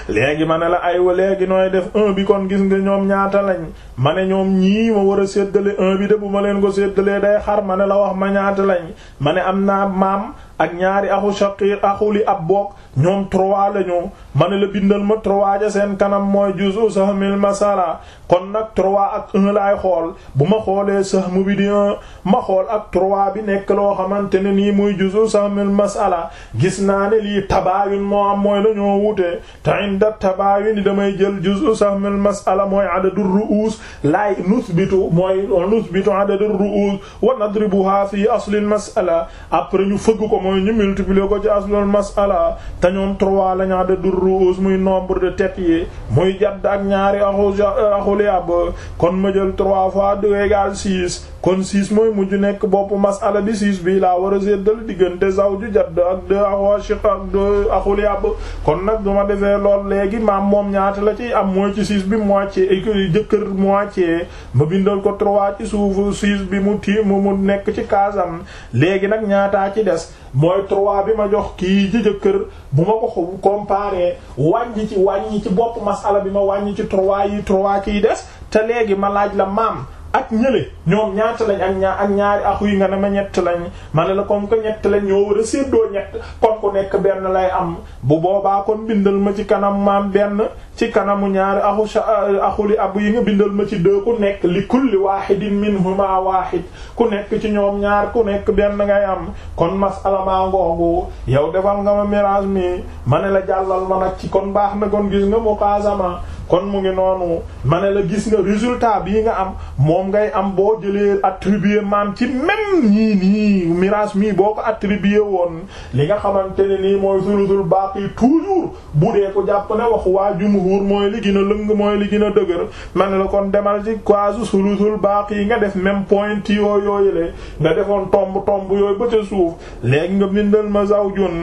léegi ma ne la ay léegi nooy def un bi kon gis nga ñoom ñaata lañ ma ne ñoom ñii ma war a séddale un bi de bu ma leen ko séddalee day xar ma ne la wax ma ñaata lañ ma ne am naa maam ak ñaari axu shaqiiq axuli ab boog ñoom trois lañu ma ne la bindal ma trois ja seen kanam mooy juzu sahmil masala kon nag troa ak un laay xool bu ma xoolee sahmu bi di un ma xool ak trois bi nekk loo xamante ne nii muy juzu sahmil masala gis naa ne lii tabaayun moo am mooy la ñoo wute te inda tabaayun damay jël juzu sahmil masala mooy adadu ru'uus laay nusbitu mooy nusbitu adadu ru'uus wa nadribuha fi aslil masala après ñu fëgg ko mooy ñu multiplier ko ci aslul masala te ñoom trois la ñaa de durruus muy nombre de tet yi muy jadd ak ñaari axu euh, axul yàbb kon ma jël trois fois de égale six kon six mooy mujj nekk bopp masala bi six bi laa war a séddal diggante zawju jadd ak deux axu shiq kon nag du ma defee lool léegi maam moom ñaata la ci am mooy ci six bi moitié jëkkër moitié ma bindal ko trois ci suufu six bi mu ti mu mu nekk ci kaasam léegi nag ñaata ci des mooy trois bi ma jox kii ci jëkkër bu ma ko xobu comparer wàññi ci wàññi ci bopp masala bi ma wàññi ci trois yi trois kiy des te léegi ma laaj la maam ak ñële ñoom ñaata lañ ak ñaar ak ñaari axu yi nga ne ma ñett lañ ma ne la comme que ñett lañ ñoo war a séddoo ñett kon ku nekk benn lay am bu boobaa kon bindal ma ci kanam maam benn ci kanamu ñaari axu euh, axuli abu yi nga bindal ma ci deux ku nekk li kulli wahidin minhuma wahid ku nekk ci ñoom ñaar ku nekk benn ngay am kon masala maa ngoogu yow defal nga ma mirage mi ma ne la jàllal ma nag ci kon baax na kon gis nga mu xaasama kon mu ngi noonu ma ne la gis nga résultat bii nga am moom ngay am boo jëlee attribué maam ci même ñii nii miraas mii boo ko attribué woon li nga xamante ne nii mooy sulusul baaqi toujours bu dee ko jàpp ne wax waa jumhuur mooy li gën a lëng mooy li gina a dëgër ma ne la kon demal ci quasi sulusul baaqi nga def même point yoo yooyule nga defoon tomb tomb yooyu ba ca suuf léegi nga bindal ma zawjun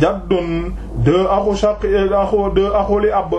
jaddun deux axu shaq axu deux axu li ab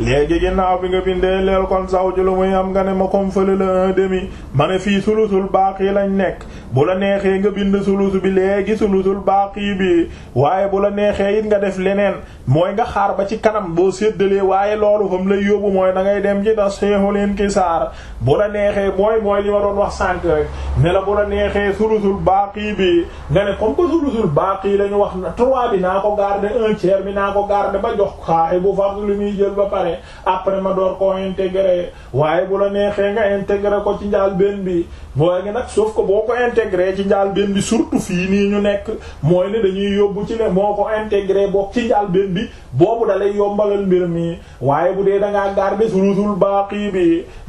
léegi ginnaaw bi nga bindee leel kon zawju lu muy am nga ne ma comme fële la un demi ma ne fii sulusul yi lañ nekk bu la neexee nga bind sulusu bi léegi sulusul baaqi bi waaye bu la neexee it nga def leneen mooy nga xaar ba ci kanam boo séddalee waaye loolu fa mu lay yóbbu mooy da ngay dem ci tasxiixul inkisaar bu la neexee mooy mooy li ma doon wax sànq rek ne la bu la neexee sulusul baaqi bi nga ne comme que sulusul baaqi dañu wax na trois bi naa ko garder un tiers bi naa ko ba jox xaaxi bu fax lu muy jël ba pare après ma door koo intégrer waaye bu la neexee nga intégrer ko ci njaal benn bi mooy nag sauf ko boo ko intégrer intégré ci njàlbéen bi surtout fii nii ñu nekk mooy ne dañuy yóbbu ci ne moo ko intégré bokk ci njàlbéen bi boobu dalay yombalal mbir mi waaye bu dee da ngaa garder sulusul baaqi bi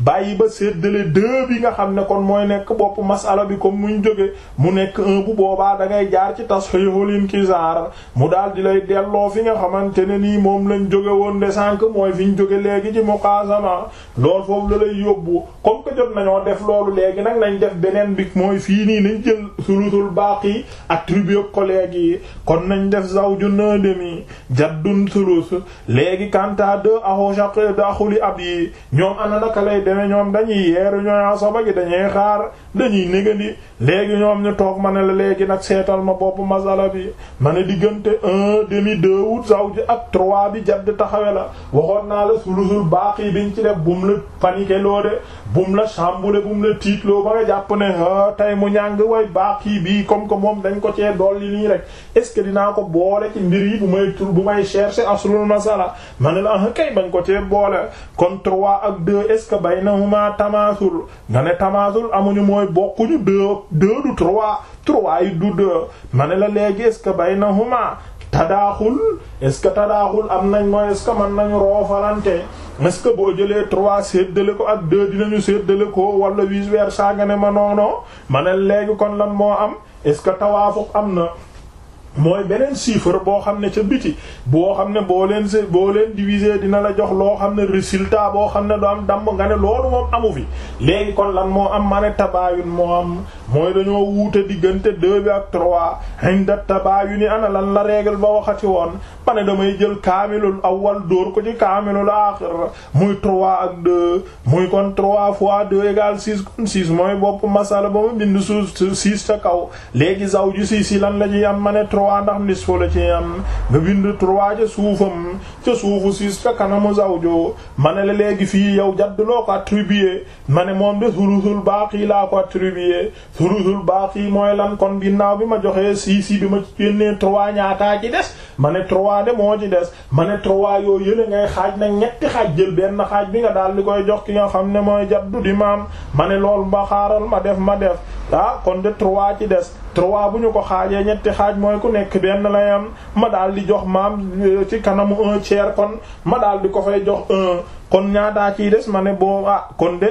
bàyyi ba séddale deux bi nga xam ne kon mooy nekk bopp masala bi comme muñ jóge mu nekk un bu boobaa da ngay jaar ci tashihul inkizar mu daal di lay delloo fi nga xamante ne nii moom lañ jóge woon de sànq mooy fi ñu jóge léegi ci muqasama loolu foofu la lay yóbbu comme que jot nañoo def loolu léegi nag nañ def beneen bi mooy fii nii nañ jël sulusul baaqi attribué collègue yi kon nañ def zawjun demi jaddun sulus léegi kanta de axu shaq de axuli ab yi ñoom ana naka lay deme ñoom dañuy yeeru ñooy asaba gi dañuy xaar dañuy négandi léegi ñoom ñu toog ma ne la léegi nag seetal ma bopp masala bi ma ne diggante un demi deux wut zawj ak trois bi jadd taxawe la waxoon naa la sulusul baaqi biñ ci def bum la paniqué loo de bum la chamboulé bum la tiitloo ba nga jàpp ne tey mu ñàng way baaqi bii comme que moom dañ ko cee yi nii rek est ce que dinaa ko boole ci mbir yi bu may tur bu may chercher aslul masala ma ne la ah kay bañ ko cee boole kon trois ak deux est ce que baynahuma tamaasul nga ne tamaasul amuñu mooy bokkuñu deux du trois trois yi du deux ma ne la léegi est-ce na baynahuma tadaaxul est-ce que tadaaxul am nañ mooy est-ce que mën nañu roofalante est boo jëlee trois séddale ko ak deux dinañu séddale ko wala vice versa nga ne ma noono ma ne léegi kon lan moo am est-ce que tawaafuq am na mooy beneen chiffre boo xam ne ca biti boo xam ne boo leen se boo leen diviser dina la jox loo xam ne résultat boo xam ne du am damm nga ne loolu moom amu fi léegi kon lan moo am ma ne tabaayun moo am mooy dañoo wuute diggante deux bi ak trois inda tabaayuni ana lan la règle ba waxati woon ma ne damay jël kaamilul awwal door ko ci kaamilul aaxir muy trois ak deux muy kon trois fois deux égale six kon six mooy bopp masala ba ma bind suuf six ca kaw léegi zaw ju si si lan la ñuy am trois ndax nisfa la ci am nga bind trois ja suufam ca suufu siis ca kanamu zawjo ma ne la léegi fii yow jadd loo ko attribué ma ne moom de sulusul baaqi laa ko attribué sulusul baaqi mooy lan kon ginnaaw bi ma joxee six yi bi ma génnee trois ñaataa ci des ma ne trois de moo ci des ma ne trois yoo yële ngay xaaj na ñetti xaaj jël benn xaaj bi nga daal di koy jox ki nga xam ne mooy jaddu di maam ma ne loolu ma xaaral ma def ma def ah kon de trois ci des trois bu ñu ko xaajee ñetti xaaj mooy ku nekk benn la di jox maam euh, cher kon ma daal di ko fay jox un kon ñaataa ciy des ma ne boo ah kon de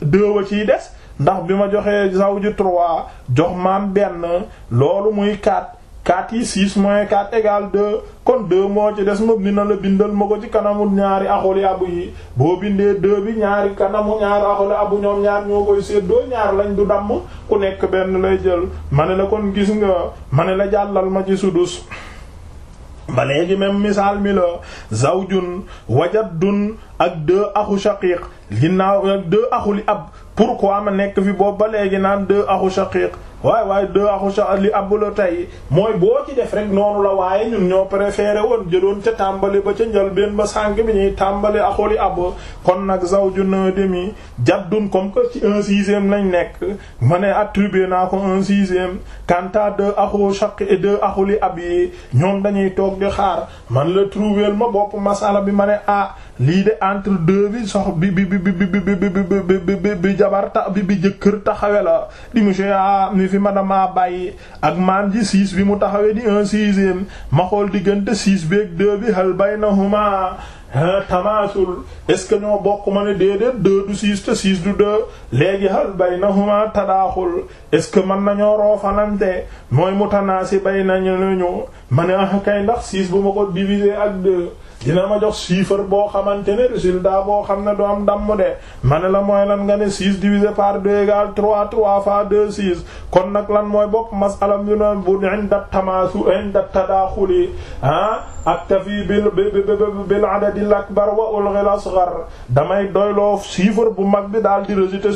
deux wa ciy des ndax bi ma joxee zawju trois jox maam benn loolu muy quatre quatre yi six moins quatre égale deux kon deux moo ci des ma dina la bindal ma ko ci kanamu ñaari axoli abu yi boo bindee deux bi ñaari kanamu ñaari axoli abu ñoom ñaar ñoo koy séddoo ñaar lañ du damm ku nekk benn lay jël ma ne la kon gis nga ma ne la jàllal ma ci sudus ba léegi même misaal mi la zawjun wajadun ak deux axu shaqiq ginnaaw ak deux axu li ab pour pourquoi ma nekk fi boobu ba léegi naan deux axu shaqiq waaye waaye deux axu shaqiq li abu la tey mooy boo ci def rek noonu la waaye ñun ñoo préféré woon jëloon ca tàmbali ba ca njëlbéen ba sànq bi ñuy tàmbali axu li abu kon nag zawju na demi jaddun comme que ci un sixième lañ nekk ma ne attribué naa ko un sixième quant à deux axu shaqiq deux axu li ab yi ñoom dañuy toog di xaar man la trouver ma bopp masala bi ma ne ah. lii de entre deux bi sox bi bi bi bi bi bi bi bi jëkkër taxawe la di monsieur a mi fi madame a bàyyi ak maan ji six bi mu taxawe di un sixième ma xool diggante six bi ak deux bi hal baynahuma tamaasul est que ñoo bokk ma ne déedéet deux du six te six du deux léegi hal baynahuma tadaaxul est-ce que mën nañoo roofalante mooy mutanaasi bay nañu ñu ma ne ah kay ndax six bu ma ko diviser ak deux dina ma jox chiffre boo xamante ne résultat boo xam ne du am damm de ma la mooy lan nga ne 6 divisé par 2 égale 3 3 fois 2 6 kon nag lan mooy bopp masalam yu ne bu inda tamasu inda tadaxuli ah aktafi bil bil adadil akbar wa ulghil asghar damay doyloo chiffre bu mag bi daal di rejeter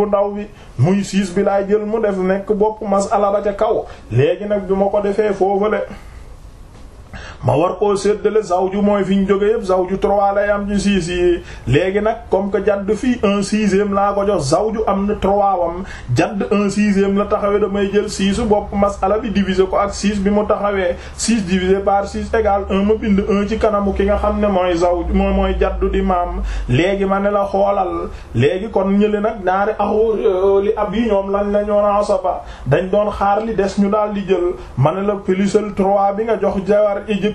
bu ndaw bi muy 6 bi laay jël mu def nekk bopp masala ba ca kaw léegi nag bi ma ko defee foofale ma war koo séddale zawju mooy fi ñu jóge yëpp zawju trois lay am ci six yi léegi nag comme que jadd fii un sixième laa ko jox zawju am na trois wam jadd un sixième la taxawee damay jël siisu bopp masala bi diviser ko ak six bi mu taxawee six divisé par six égal un ma bind un ci kanamu ki nga xam ne mooy zawju moo mooy jaddu di maam léegi ma ne la xoolal léegi kon ñële nag ñaari axu euh, li ab yi ñoom lan la ñoon asaba dañ doon xaar li des ñu daal di jël ma la pilisal trois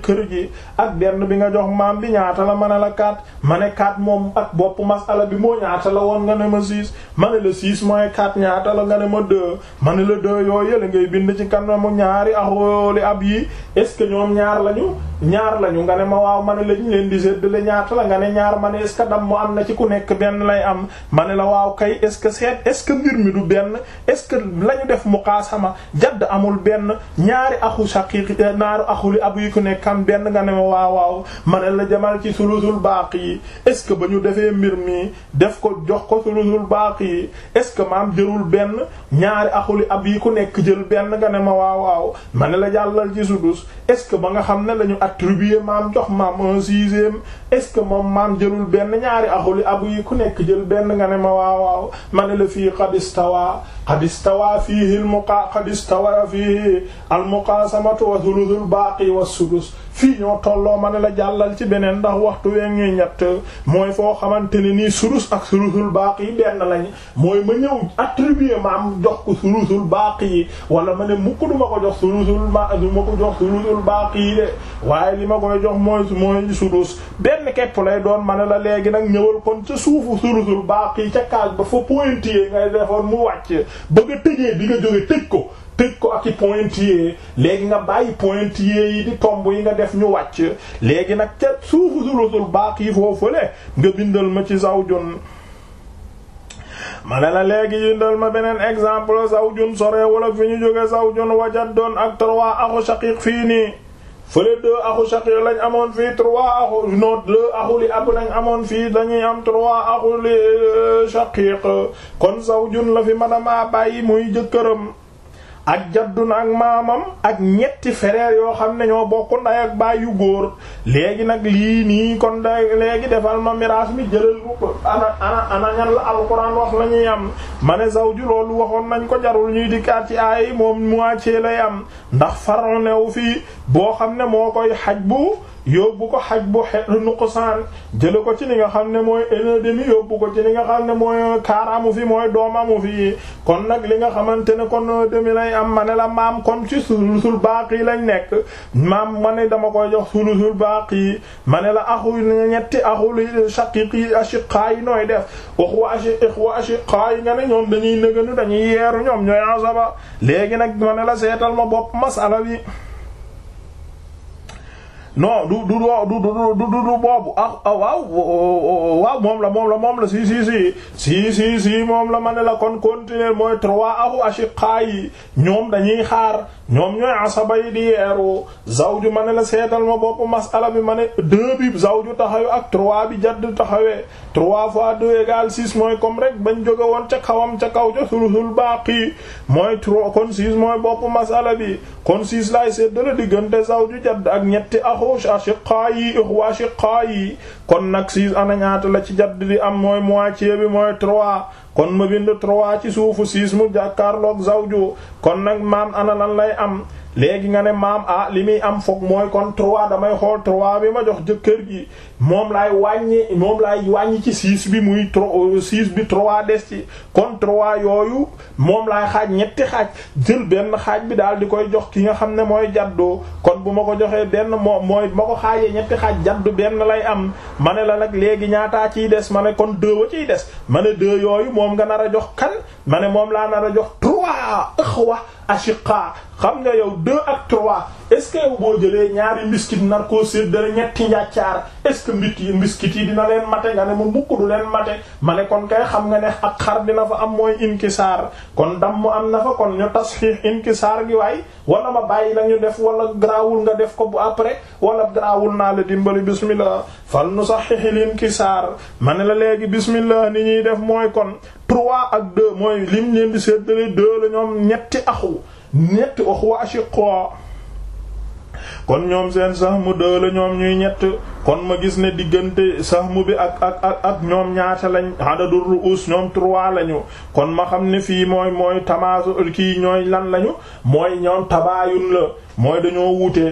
kër ji ak benn bi nga jox maam bi ñaata la ma ne la quatre ma ne quatre moom ak bopp masala bi moo ñaata la woon nga ne ma six ma ne la six mooy quatre ñaata la nga ne ma deux ma ne la deux yooyu yële ngay bind ci kanamu ñaari axooli ab yi est ce que ñoom ñaar lañu ñaar lañu nga ne ma waaw ma ne la ñu leen di séddale am na ci ku nekk benn lay am ma ne la waaw ce que seet est ce que mbir mi du benn est ce la ñu def muqaasama jadd amul benn ñaari axu shaqiq eh, ñaari axu li abu yi ku nekk am benn nga ne waaw ma ne la jamal ci sulusul baax yi est ce que ba ñu defee mbir mi def ko jox ko sulusul baax yi est ce que maam jërul benn ñaari axu ab yi ku nekk jël benn nga ne ma waaw waaw ma ne la jàllal ci sudus est ba nga xam ne lañu attribuer maam jox maam un sixième est-ce que moom maam jëlul benn ñaari axuli abu yi ku nekk jël benn nga ne ma waaw waaw la fii qad istawa qad istawa fiihi al-muqa qad istawa fiihi al-muqaasamatu wa thuluthul baaqi wa sudus fii ñoo tolloo ma la jàllal ci beneen ndax waxtu wee ngi ñett mooy foo xamante ne nii sudus ak sulusul baaq yi benn lañ mooy ma ñëw attribuer ma am jox sulusul baaq yi wala ma ne mukk du ma ko jox sulusul ma yi de waaye li ma koy jox mooy mooy sudus benn benn kepp lay doon ma ne la léegi nag ñëwal kon ca suufu baax baaqi ca kaas ba fa pointillé ngay defoon mu wàcc bëgg a tëjee bi nga jóge tëj ko tëj ko ak i pointillé léegi nga bàyyi pointillé yi di tomb yi nga def ñu wàcc léegi nag ca suufu sulusul baaqi foofule nga bindal ma ci zawjun ma ne la léegi yindal ma beneen exemple zawjun sore wala fi ñu jóge zawjun wajad doon ak trois axu shaqiq fii nii fële deux axu shaqiq lañ amoon fii trois a non deux axu li ab lañ amoon fii dañuy am a axu li euh, shaqiq kon zawjun la fi manama bàyyi muy jëkkëram ak jaddu na ak maamam ak ñetti frère yoo xam ne ñoo bokk nday ak baay yu góor léegi nag lii nii kon day léegi defal ma mi jëlal bu ana ana ana ñan la alquran wax la ñuy am ma ne zawju loolu waxoon nañ ko jarul ñuy dikkaat ci aay moom moitié lay am ndax far'u new fii boo xam ne moo koy xaj bu yóbbu ko xaj bu jële ko ci li nga xam ne mooy un demi yóbbu ko ci li nga xam ne mooy kaar amu fi mooy doom amu fi kon nag li nga xamante ne kon un demi lay am ma ne la maam kon ci sulusul baaqi lañ nekk maam ma ne dama koy jox sulusul baaqi ma ne la axu ñetti axul shaqiq yi ashiqa yi nooy def uxwa ashi ixwa ashiqa yi nga ne ñoom dañuy nëgënu dañuy yeeru ñoom ñooy asaba léegi nag ma la seetal ma bopp masala bi non du du du du du boobu ah, ah waaw waaw moom la moom la moom la si si si si si si moom la ma ne la kon continuer mooy trois ahu ashiqa yi ñoom dañuy xaar ñoom ñooy asaba yi di yeeru zawju ma ne la seetal ma bopp masala bi ma ne deux bi zawju taxawee ak trois bi jadd taxawee trois fois deux égale six mooy comme rek bañ joge woon ca kawam ca kaw ca sulusul baaqi mooy trois kon six mooy bopp masala bi kon six laay seddale diggante zawju jadd ak ñetti axu ashiqaa yi ixwa ashiqaa yi kon nag six ana ñaata la ci jadd di am mooy moitié bi mooy trois kon ma bind trois ci suufu siis mu jàkkaarloog zawju kon nag maam ana lan lay am léegi nga ne maam ah li muy am foog mooy kon trois damay xool trois bi ma jox jëkkër gi moom laay wàññi moom laay wàññi ci six bi muy trop euh, six bi trois des ci kon trois yooyu moom laay xaaj ñetti xaaj jël benn xaaj bi daal di koy jox ki nga xam ne mooy jaddu kon bu ma ko joxee benn moo mooy ma ko xaajee ñetti xaaj jaddu benn lay am ma ne la nag léegi ñaataa ciy des ma ne kon deux wa ciy des ma ne deux yooyu moom nga nar a jox kan ma ne moom laa nar a jox trois ëxwa ashiqa xam nga yow deux ak trois est-ce boo jëlee ñaari mbiskit nar koo séddale ñetti njàccaar est-ce yi mbiskit yi dina leen mate nga ne ma mukk du leen mate ma ne kon kay xam nga ne ak xar dina fa am mooy inkisaar kon dam mu am na fa kon ñu tasxiix inkisaar gi waay wala ma bàyyi la ñu def wala garaawul nga def ko bu après walla garaawul naa la dimbali bismillah fal nu saxixil inkisaar ma ne la léegi bismillah ni ñuy def mooy kon trois ak deux mooy lim leen di séddale deux la ñoom ñetti axu kon ñoom seen sahmu deux la ñoom ñuy ñett kon ma gis ne diggante sahmu bi ak ak ak ñoom ñaata lañ adadu ruus ñoom trois lañu kon ma xam ni fii mooy mooy tamaasu kii ñooy lan lañu mooy ñoom tabaayun la mooy dañoo wuute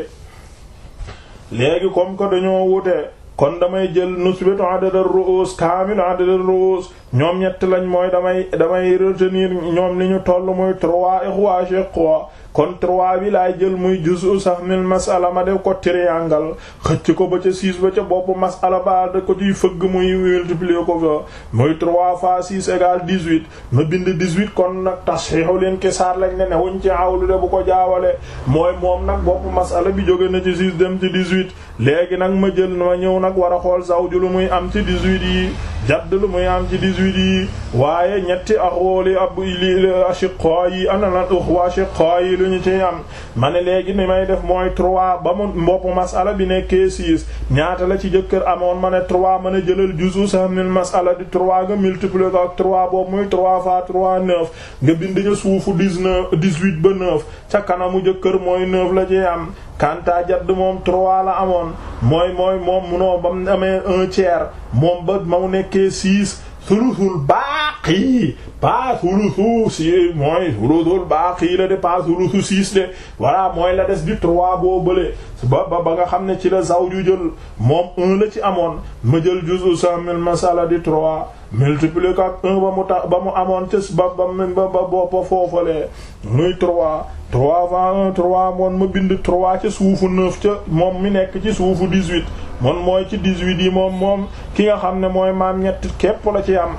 léegi comme que dañoo wuute kon damay jël nusbatu adad ar-ru'us kaamil adad ruus ñoom ñett lañ mooy damay damay retenir ñoom li ñu toll mooy trois ikhwa shiqwa kon trois bi laay jël muy juzu sahmil masala ma def ko triangle xëcc ko ba ca six ba ca bopp masala ba da ko ciy fëgg muy multiplier ko fa muy trois fois six égale dix-huit ma bind dix-huit kon nag tasxiixu leen ki saar lañ ne ne wuñ ci awlu de bu ko jaawale mooy moom nag bopp masala bi jóge na ci six dem ci dix-huit léegi nag ma jël ma ñëw nag war a xool zawju lu muy am ci 18 yi jadd lu muy am ci 18 yi waaye ñetti axooli ab li ashiqaa yi ana la uxwa ashiqaa yi lu ñu ciy am ma ne léegi ni may def mooy 3 ba mu mbopp masala bi nekkee 6 ñaata la ci jëkkër amoon ma ne 3 ma ne jëlal juzu sahnil masala di 3 nga multiplier ko ak 3 boobu muy 3 fois 3 9 nga bind ñu suufu 19 18 ba 9 ca kanamu jëkkër mooy 9 la ciy am kanta jadd moom trois la amoon mooy mooy moom munoo ba mu amee un tiers moom ba ma mu nekkee six sulusul baaqi pas sulusu si mooy sulusul baaqi la de pas sulusu siis de voilà mooy la des di trois boo bële ba ba ba nga xam ne ci la zawju jël moom un la ci amoon ma jël juzu cent mille masala di trois multiplié ko ba mu ta ba mu amoon ca ba ba ba ba boppa foofalee muy trois trois vingt un trois moon ma bind trois ca suufu neuf ca moom mi nekk ci suufu dix-huit moom mooy ci dix-huit yi moom moom ki nga xam ne mooy maam ñett képp la ci am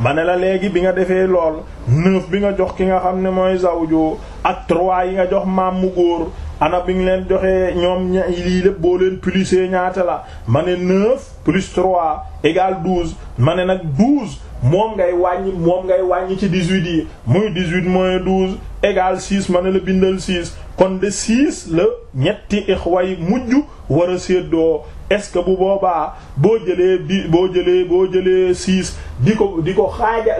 ma ne la léegi bi nga defee lool neuf bi nga jox ki nga xam ne mooy zawju ak trois yi nga jox maam mu góor ana bi nga leen joxee ñoom ña lii lépp boo leen plusee ñaata la ma ne neuf plus trois égale douze ma ne nag douze moom ngay wàññi moom ngay wàññi ci dix-huit yi muy dix-huit moins douze égale six ma ne la bindal six kon de la ñetti ixwa yi mujj wara a séddoo est-ce que bu boobaa boo jëlee di boo jëlee boo jëlee six di ko di ko xaaja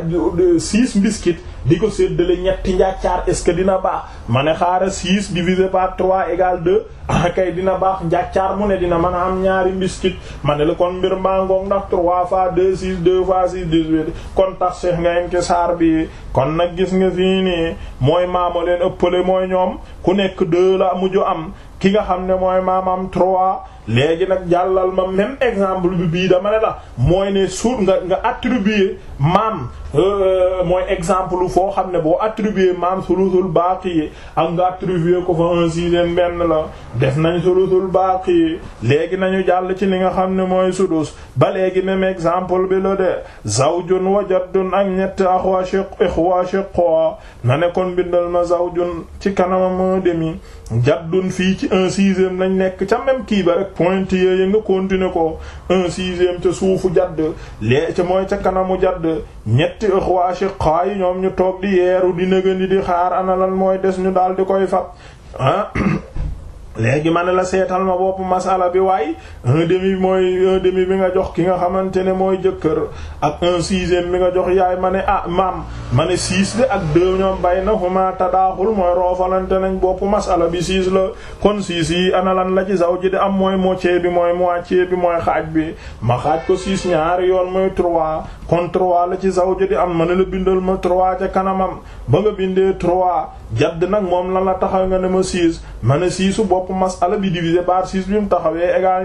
six mbiskit di ko séddale ñetti njàccaar est-ce que dina baax ma ne xaara six divisé par trois égale deux ah kay dina baax njàccaar mu ne dina mën a am ñaari mbiskit ma ne la kon mbir mbangoog ndax trois fois deux six deux fois six dix-huit kon tax seex nga yem saar bi kon nag gis nga fi nii mooy maamo leen ëppale mooy ñoom ku nekk deux la mujj am ki nga xam ne mooy maamam trois léegi nag jàllal ma même exemple bi bii dama ne la mooy ne suur nga nga attribuer maam euh, euh, mooy exemple foo xam ne boo attribuer maam sulusul baaqi yi ak nga attribuer ko fa un sixième benn la def nañ sulusul baaqi yi léegi nañu jàll ci li nga xam ne mooy sudus ba léegi même exemple bi la de zawjun wa jaddun ak ñett axwa shiq ixwa shiqqa na ne kon bindal ma zawjun ci kanamam demi jaddun fii ci un sixième lañ nekk ca même kii ba rek point yi nga continuer ko un sixième ca suufu jàdd lee ca mooy ca kanamu jadd ñetti ixwa shiqaa yi ñoom ñu toog di yeeru di nëgëndi di xaar ana lan mooy des ñu daal di koy fab ah léegi ma ne la seetal ma bopp masala bi waaye un demi mooy un bi nga jox ki nga xamante ne mooy jëkkër ak un sixième bi nga jox yaay ma ne ah maam ma ne six de ak deux ñoom bay na huma tadaaxul mooy roofalante nañ bopp masala bi six la kon six yi ana lan la ci zaw ji di am mooy moitié bi mooy moitié bi mooy xaaj bi ma xaaj ko six ñaari yoon mooy trois kon trois la ci zaw ji di am ma ne la bindal ma trois ca kanamam ba nga bindee la taxaw nga ne ma six ma ne sixu bopp masala bi divisé par six ma égal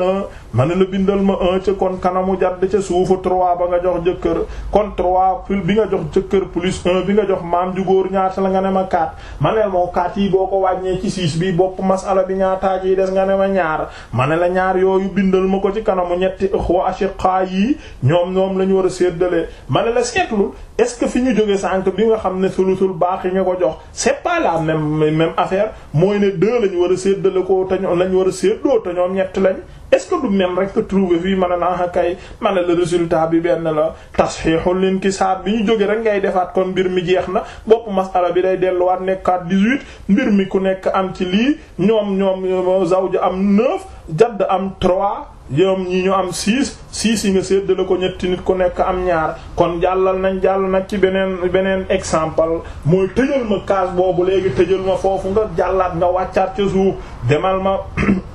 un ma ne la bindal ma un ca kon kanamu jadd ca suufu trois ba nga jox jëkkër kon trois bi nga jox jëkkër plus bi nga jox maam ju góor ñaata la nga ne ma quatre ma ne moo quatre yi boo ko wàññee ci six bi bopp masala bi ñaata ji des nga ne ma ñaar ma ne la ñaar yooyu bindal ma ko ci kanamu ñetti xwa ashiqa yi ñoom ñoom la ñu war a séddale ma ne la seetlu est fi ñu jóge sànk bi nga xam ne sulusul baax yi nga ko jox c'est pas la même même affaire mooy ne deux lañ war a la ko te ñoom lañ war a séddoo te ñoom ñett lañ est-ce que du même rek que trouver fii mën a naa ah, kay mën a le résultat bi benn la tasxiixul inkisaab bi ñu jóge rek ngay defaat kon mbir mi jeex na bopp masala bi day delluwaat nekkaat 18 mbir mi ku nekk am ci lii ñoom ñoom zawja am 9 jadd am 3 ñoom ñi ñu am six six yi nga séddale ko ñetti nit ku nekk am ñaar kon jàllal nañ jàll nag ci beneen beneen exemple mooy tëjal ma kaas boobu léegi tëjal ma foofu nga jàllaat nga wàccaat ca suuf demal ma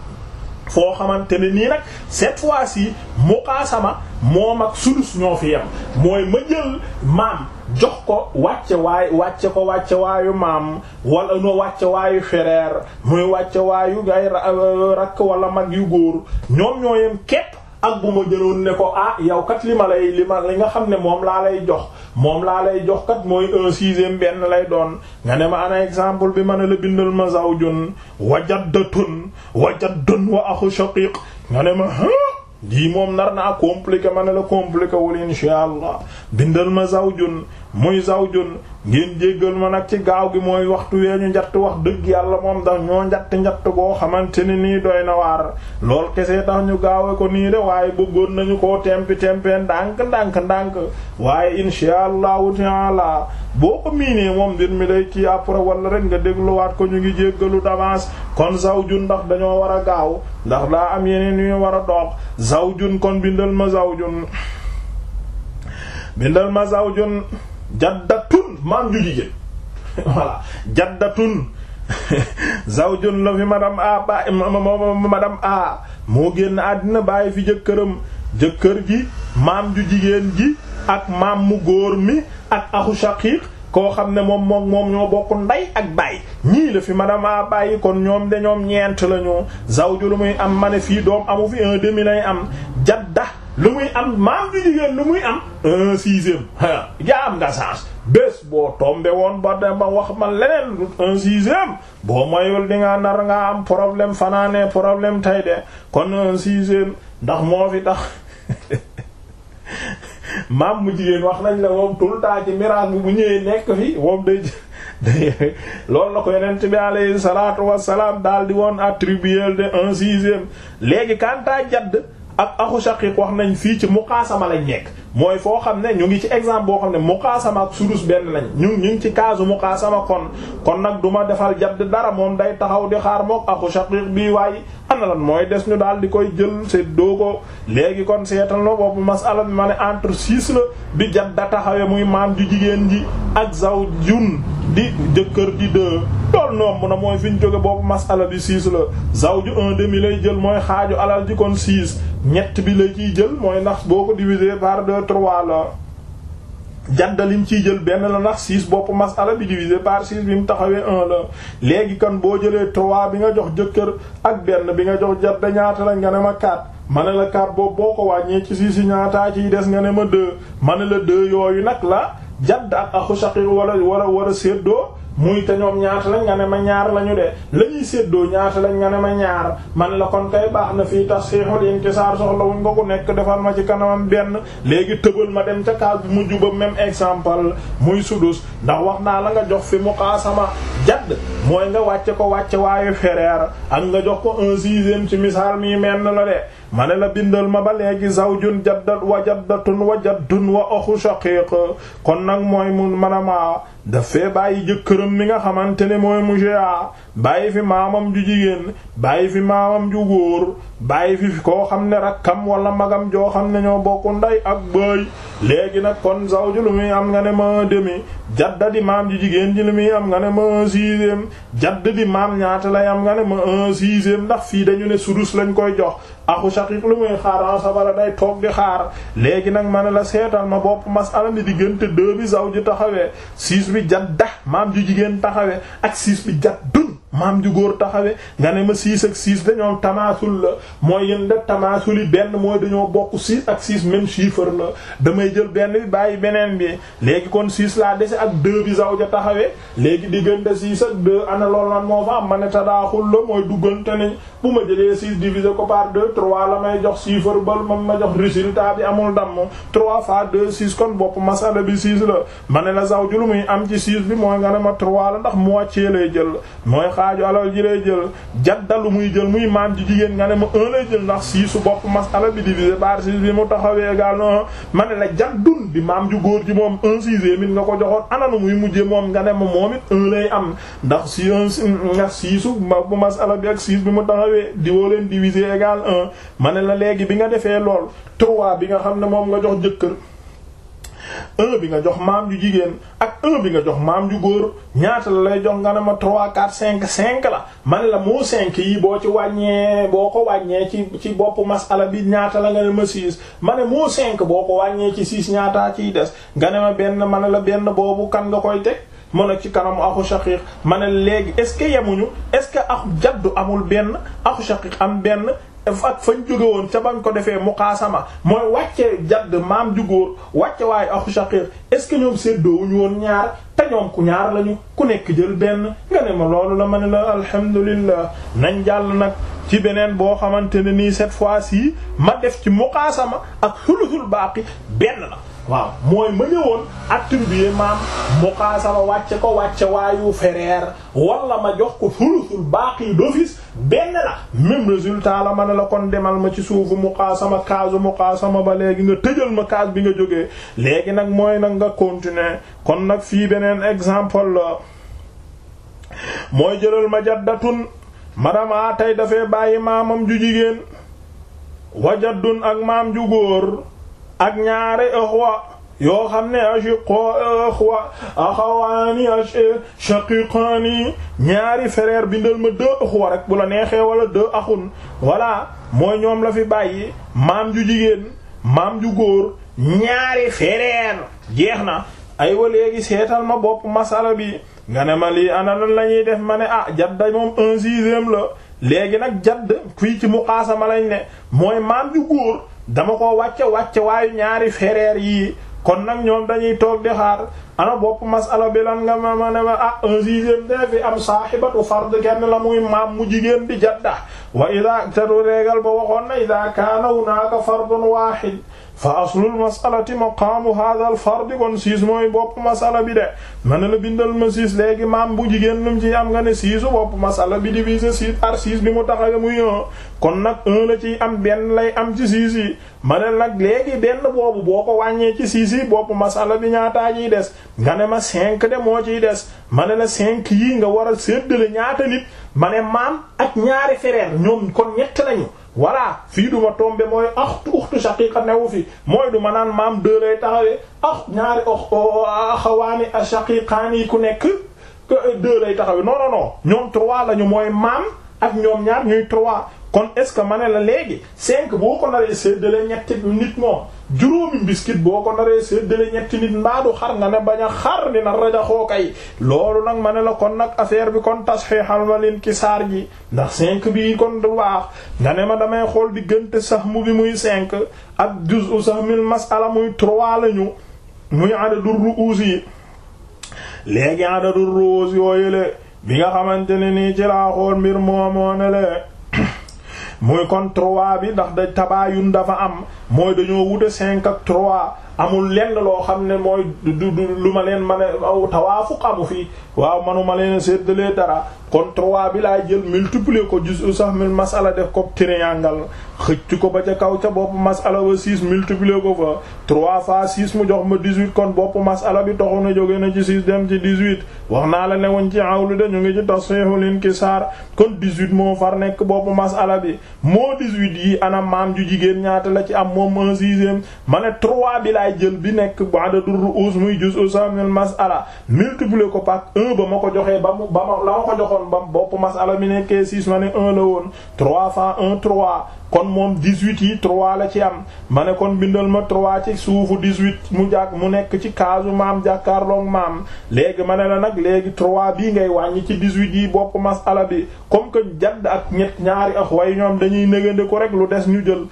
foo xamante ne nii nag cette fois-ci muqaasama moom ak sudus ñoo fi yem mooy ma maam jox ko wàcce waay wàcce ko wàcce waayu maam wala no wàcce waayu frère muy wàcce waayu ay euh, rakk wala mag yu góor ñoom ñoo yem ak bu ma jëloon ne ko ah yow kat li ma lay li ma li nga xam ne moom laa lay jox moom laa lay jox kat mooy un sixième benn lay doon nga ne ma ana exemple bi ma ne la bindal ma zawjun wa jaddatun wa jaddun wa axu shaqiq nga ne ma lii moom nar naa compliqué ma ne la compliqué wul insha allah bindal ma zawjun muy zawjun ngeen jéggal ma nag ci gaaw gi mooy waxtu wee ñu njatt wax dëgg yàlla moom ndax ñoo njatt njatt boo xamante ni nii doy na waar lool kese tax ñu gaawe ko nii de waaye bëggoon nañu koo tempi tempee ndànk ndànk ndànk waaye insha allahu taala boo ko miinee moom mbir mi day kii après wala rek nga dégluwaat ko ñu ngi jéggalu d'avance kon zawjun ndax dañoo war a gaaw ndax daa am yeneen yu war a dox zawjun kon bindal ma zawjun bindal ma jaddatun maam ju jigéen voilà jaddatun zawjun la fi madame a ba madame a moo génn àddina bàyyi fi jëkkëram jëkkër ji maam ju jigéen ji ak maam mu góor mi ak axu shaqiq koo xam ne moom moom moom ñoo bokk nday ak baay ñii fi madame a bàyyi kon ñoom de ñoom ñeent la ñu muy am ma ne fii doom amu fi un demi lay am jadda lu muy am maam ju jigéen lu muy am un sixième yaa am nga chance bés boo tombé woon ba dem ba wax ma leneen un sixième boo mayul di nar nga am problème fanaane problème tay de kon un sixième ndax moo fi tax maam mu jigéen wax nañ la moom tout le ci miraas bi bu ñëwee nekk fi moom day loolu la ko yonent bi alayhi salaatu wassalaam daal di woon attribuer de un sixième léegi kantaa jadd ak axu shaqiq wax nañ fii ci muqaasama lañ nekk mooy foo xam ne ñu ngi ci exemple boo xam ne muqaasama ak sudus benn lañ ñu ñu ngi ci kaasu muqaasama kon kon nag duma ma defal jadd dara moom day taxaw di xaar mook axu shaqiq bii waaye ana mooy des ñu daal di koy jël seet doo ko léegi kon seetal na boobu masala bi ma ne entre six la bi jadd da taxawee muy maam ju jigéen ji ak zawjun di jëkkër di deux loolu noom na mooy fi ñu jóge boobu masala bi six la zawju un demi lay jël mooy xaaju alal ji kon six ñett bi lay ciy jël mooy ndax boo ko diviser par deux trois la jaddalim ciy jël benn la ndax six bopp masala bi divisé par six bi mu taxawee en la léegi kan boo jëlee trois bi nga jox jëkkër ak benn bi nga jox jadda ñaata la nga ne ma quatre ma ne la quatre boobu boo ko wàññee ci six si ñaataa ciy des nga ne ma deux ma ne la deux yooyu nag la jadd ak axu shaqiq wala wala wara séddoo muy te ñoom ñaata lañ nga ne ma ñaar lañu de la ñuy séddoo ñaata lañ nga ne ma ñaar man la kon kay baax na fii tasxiixul intisaar soxla wuñ ko ku nekk defal ma ci kanamam benn léegi tëbal ma dem ca kaas bi mujj ba même exemple muy sudus ndax wax naa la nga jox fi muqaasama jadd mooy nga wàcce ko wàcce waayu fereer ak nga jox ko un sixième ci misaal mi menn la de ma ne la bindal ma ba léegi zawjun jaddat wa jaddatun wa jaddun wa axu shaqiq kon nag mooy mu manama dafee bàyyi jëkkëram mi nga xamante ne mooy monsieur a bàyyi fi maamam ju jigéen bàyyi fi maamam ju góor bàyyi fi koo xam ne rakkam wala magam joo xam ne ñoo bokku ndey ak bëy léegi nag kon zawju lu muy am nga ne ma demi jadda di maam ji jigéen ji li muy am nga ne ma un sixième di maam ñaata lay am nga ne ma un ndax fii dañu ne sudus lañ koy jox axu shaqiq lu muy xaar asabala day toog di xaar léegi nag ma ne la seetal ma bopp masala ni diggante deux bi zaw ji taxawee six bi jadda maam ji jigéen taxawee ak six bi jaddun maam ju góor taxawe nga ne ma six ak six dañoom tamaasul la mooy yéen de tamaasul yi benn mooy dañoo bokk six ak six même chiffre la damay jël benn bi bàyyi beneen bi léegi kon six laa dese ak deux bi zawja taxawee léegi diggante six ak deux ana lool lan moo fa am ma ne tadaaxul la mooy duggante nañ bu ma jëlee six divisé ko par deux trois la may jox chiffre bal ma ma jox résultat bi amul damm trois fois deux six kon bopp masala bi six la ma ne la zawju lu ci six bi jël xaaju alal ji lay jël jadda lu muy jël muy maam ji jigéen nga ne ma un lay jël ndax sii su bopp masala bi divisé par six bi mu taxawee gaal ma ne la jaddun di maam ju góor ji moom un sixième it nga ko joxoon ananu muy mujje moom nga ne ma moom it un am ndax si un ndax su bopp masala bi ak six bi mu taxawee di woo leen divisé égal ma ne la léegi bi nga defee lool trois bi nga xam ne moom nga jox jëkkër un bi nga jox maam ju jigéen ak un bi nga jox maam ju góor ñaata la lay jox nga ne ma trois quatre cinq cinq la man la moo cinq yi boo ci wàññee boo ko wàññee ci ci boppu masala bi ñaata la nga ne ma six ma ne moo cinq boo ko wàññee ci six ñaata ciy des nga ne ma benn ma la benn boobu kan nga koy teg ma ne ci kanamu axu shaqiq mane ne léegi est ce que yemuñu est ce que axu jaddu amul benn axu shaqiq am benn ak fañ jóge woon ca bañ ko defee muqaasama mooy wàcce jadd maam ju góor wàcce waaye axu shaqiq est ce que ñoom séddoowuñu woon ñaar te ñoom ku ñaar lañu ku nekk jël benn nga ne ma loolu la ma ne la alhamdulillah nañ jàll nag ci beneen boo xamante ne nii cette fois-ci ma def ci muqaasama ak sulusul baaqi benn la waaw mooy ma ñëwoon attribuer maam muqaasama wàcce ko wàcce waayu fereer wala ma jox ko fulusul baaqi d'office benn la même résultat la ma ne la kon demal ma ci suufu muqaasama kaasu muqaasama ba léegi nga tëjal ma kaas bi nga jógee léegi nag mooy nag nga continuer kon nag fii beneen exemple la mooy jëlal ma jaddatun madame a tey dafay bàyyi maamam ju jigéen wa jaddun ak maam ju góor ak ñaari ixwa yoo xam ne ashiqo ixwa axawaani eh, shaqiqaani ñaari frère bindal ma deux ixwa rek bu la neexee wala deux axun voilà mooy ñoom la fi bàyyi maam ju jigéen maam ju góor ñaari frère jeex na ay wa léegi seetal ma bopp masala bi nga ne ma lii ana lan la ñuy def ma ne ah jadda moom un sixième la léegi nag jadd fii ci muqaasama lañ ne mooy maam ju góor dama ko wàcce wàcce waayu ñaari fereer yii kon nag ñoom dañuy toog di xaar ana bopp masala bi lan nga ma ma ne ma ah un sixième de fi am saahibatu fard kenn la muy maam mu jigéen di jadda wa ida tadu réegal ba waxoon na ida kaana hunaaka fardun waahid fa aslul masalati maqaamu hada al fard kon siis mooy bopp masala bi de ma na la bindal ma siis léegi maam bu jigéen lum ci am nga ne siisu bopp masala bi divisé siis par siis bi mu taxawe muy un kon nag un la ciy am benn lay am ci siis yi ma ne nag léegi benn boobu boo ko wàññee ci siis yi bopp masala bi ñaataa ñiy des nga ne ma cinq de moo ciy des ma ne la cinq yii nga war a séddale ñaata nit ma ne maam ak ñaari frère ñoom kon ñett lañu voilà fii duma tombe mooy axtu ah uxtu shaqiqa newu fi mooy du ma naan maam deux lay taxawee ax ah ñaari axawaani shaqiqaani ku nekk deux lay taxawee non non non ñoom trois lañu mooy maam ak ñoom ñaar ñuy trois kon est-ce que ma ne la léegi cinq boo ko naree séddale ñetti nit moom juróomi mbiskit boo ko naree séddale ñetti nit mbaadu xar nga ne bañ a xar dina rajaxoo kay loolu nag ma ne la kon nag affaire bi kon tasxiixal ma leen ki saar ji ndax cinq bi kon du baax nga ne ma damay xool diggante sax mu bi muy cinq ak juz'u sahmil mas'ala muy trois lañu muy adadu ru'us yi léegi adadu ru'us yooyu le bi nga xamante ne nii ci laa xool mbir moomoo ne le mooy kon trois bi ndax da tabaayun dafa am mooy dañoo wute cinq ak trois amul lenn loo xam ne mooy du du lu ma leen mën a aw tawaafuq amu fi waaw manuma leen a séddalee dara kon trois bi laay jël multiplier ko juz'u sahmil masala def ko triangle xëcc ko ba ca kaw ca bopp masala wa six multiplier ko fa trois fois six mu jox ma dix-huit kon bopp masala bi toxu na jóge na ci six dem ci dix-huit wax naa la ne woon ci awlu de ñu ngi ci tasihul inkisaar kon dix-huit moo far nekk bopp masala bi moo dix-huit yi ana maam ju jigéen ñaata la ci am moom un yaay jël bi nekk adadu ru'us muy juz'u samil mas'ala multiplier ko par 1 ba ma ko joxee ba ma la ma ko joxoon ba bopp mas'ala mi nekkee 6 ma ne 1 la woon 3 fois 1 3 kon moom 18 yi 3 la ci am ma ne kon bindal ma 3 ci suufu 18 mu jàkk mu nekk ci kaasu maam jàkkaarloog maam léegi ma ne la nag léegi 3 bii ngay wàññi ci 18 yi bopp mas'ala bi comme que jadd ak ñett ñaari ak way ñoom dañuy négandi ko rek lu des ñu jël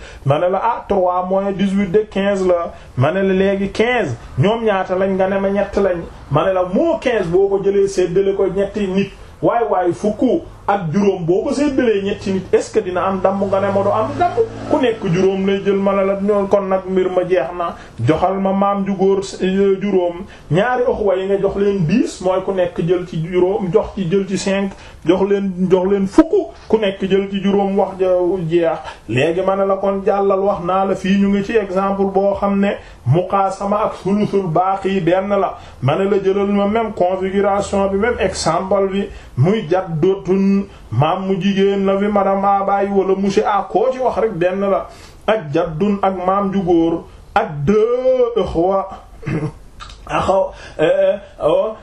ma la léegi quinze ñoom ñaata lañ nga ne ma ñett lañ ma ne la moo quinze boo ko jëlee séddale ko ñetti nit waaye waaye fukk ak juróom boo ko séddalee ñetti nit est ce que dina am damm nga ne ma du am damm ku nekk juróom lay jël ma ne la ñoon kon nag mbir ma jeex na joxal ma maam ju góor euh, juróom ñaari oxuwa yi nga jox leen dix mooy ku nekk jël ci juróom jox ci jël ci cinq jox leen jox leen fukk ku nekk jël ci juróom wax ja jeex léegi ma ne la kon jàllal wax naa la fii ñu ngi ci exemple boo xam ne muqaasama ak sulusul baaqi benn la ma ne la jëlal ma même configuration bi même exemple bi muy jaddatun maam mu jigéen la fi madame abaay wala monsieur a koo ci wax rek benn la ak jaddun ak maam ju góor ak deux ixwa axaw eh, eh, oh,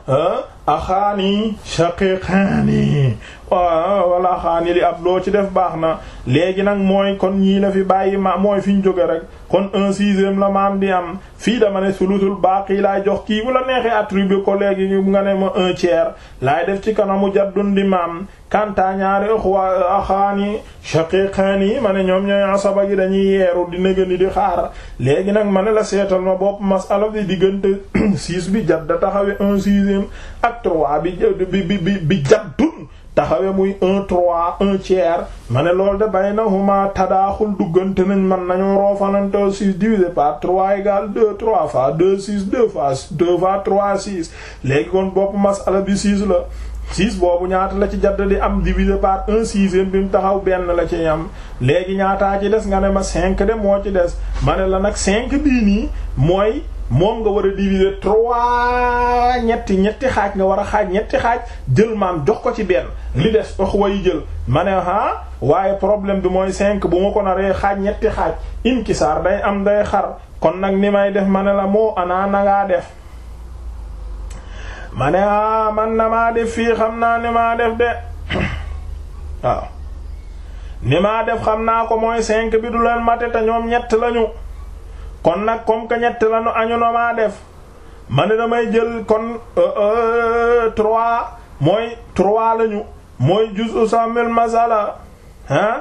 axaani shaqiqaani wala axaani li ab loo ci def baax na léegi nag mooy kon ñii la fi bàyyi ma mooy fi ñu jóge rek kon un sixième la maam di am fii dama ne sulusul yi laay jox kii bu la neexee attribué ko léegi ñu nga ne ma un tiers laay def ci kanamu jaddun di maam kanta ñaari axwa axaani shaqiqaani ma ne ñoom ñooy asaba gi dañuy yeeru di nëgëni di xaar léegi nag ma ne la seetal ma bopp masala bi diggante six bi jadd taxawe un sixième ak trois bi bi bi bi jaddun taxawe muy un trois un tiers ma ne lool de baynahuma tadaaxul duggante nañ man nañu roofalante six divisé par trois égale deux trois fois deux six deux fois deux fois trois six léegi kon bopp masala bi six la six boobu ñaata la ci jadd di am divisé par un sixième bi mu taxaw benn la ci am léegi ñaataa ci des nga ne ma cinq de moo ci des ma ne la nag cinq bii nii mooy moom nga war a diviser trois ñetti ñetti xaaj nga war a xaaj ñetti xaaj jël maam jox ko ci benn li des uxwa yi jël ma ne ah waaye problème bi mooy cinq bu ma ko naree xaaj ñetti xaaj inkisaar day am day xar kon nag ni may def ma ne la moo anaa nangaa def ma ne ah man na maa def fii xam naa ni maa def de waaw ni maa def xam naa ko mooy cinq bi du leen mate te ñoom ñett lañu kon nag comme que ñett lañu añu na maa def ma na may jël kon euh, euh, trois mooy trois lañu mooy juz'u samil masala ah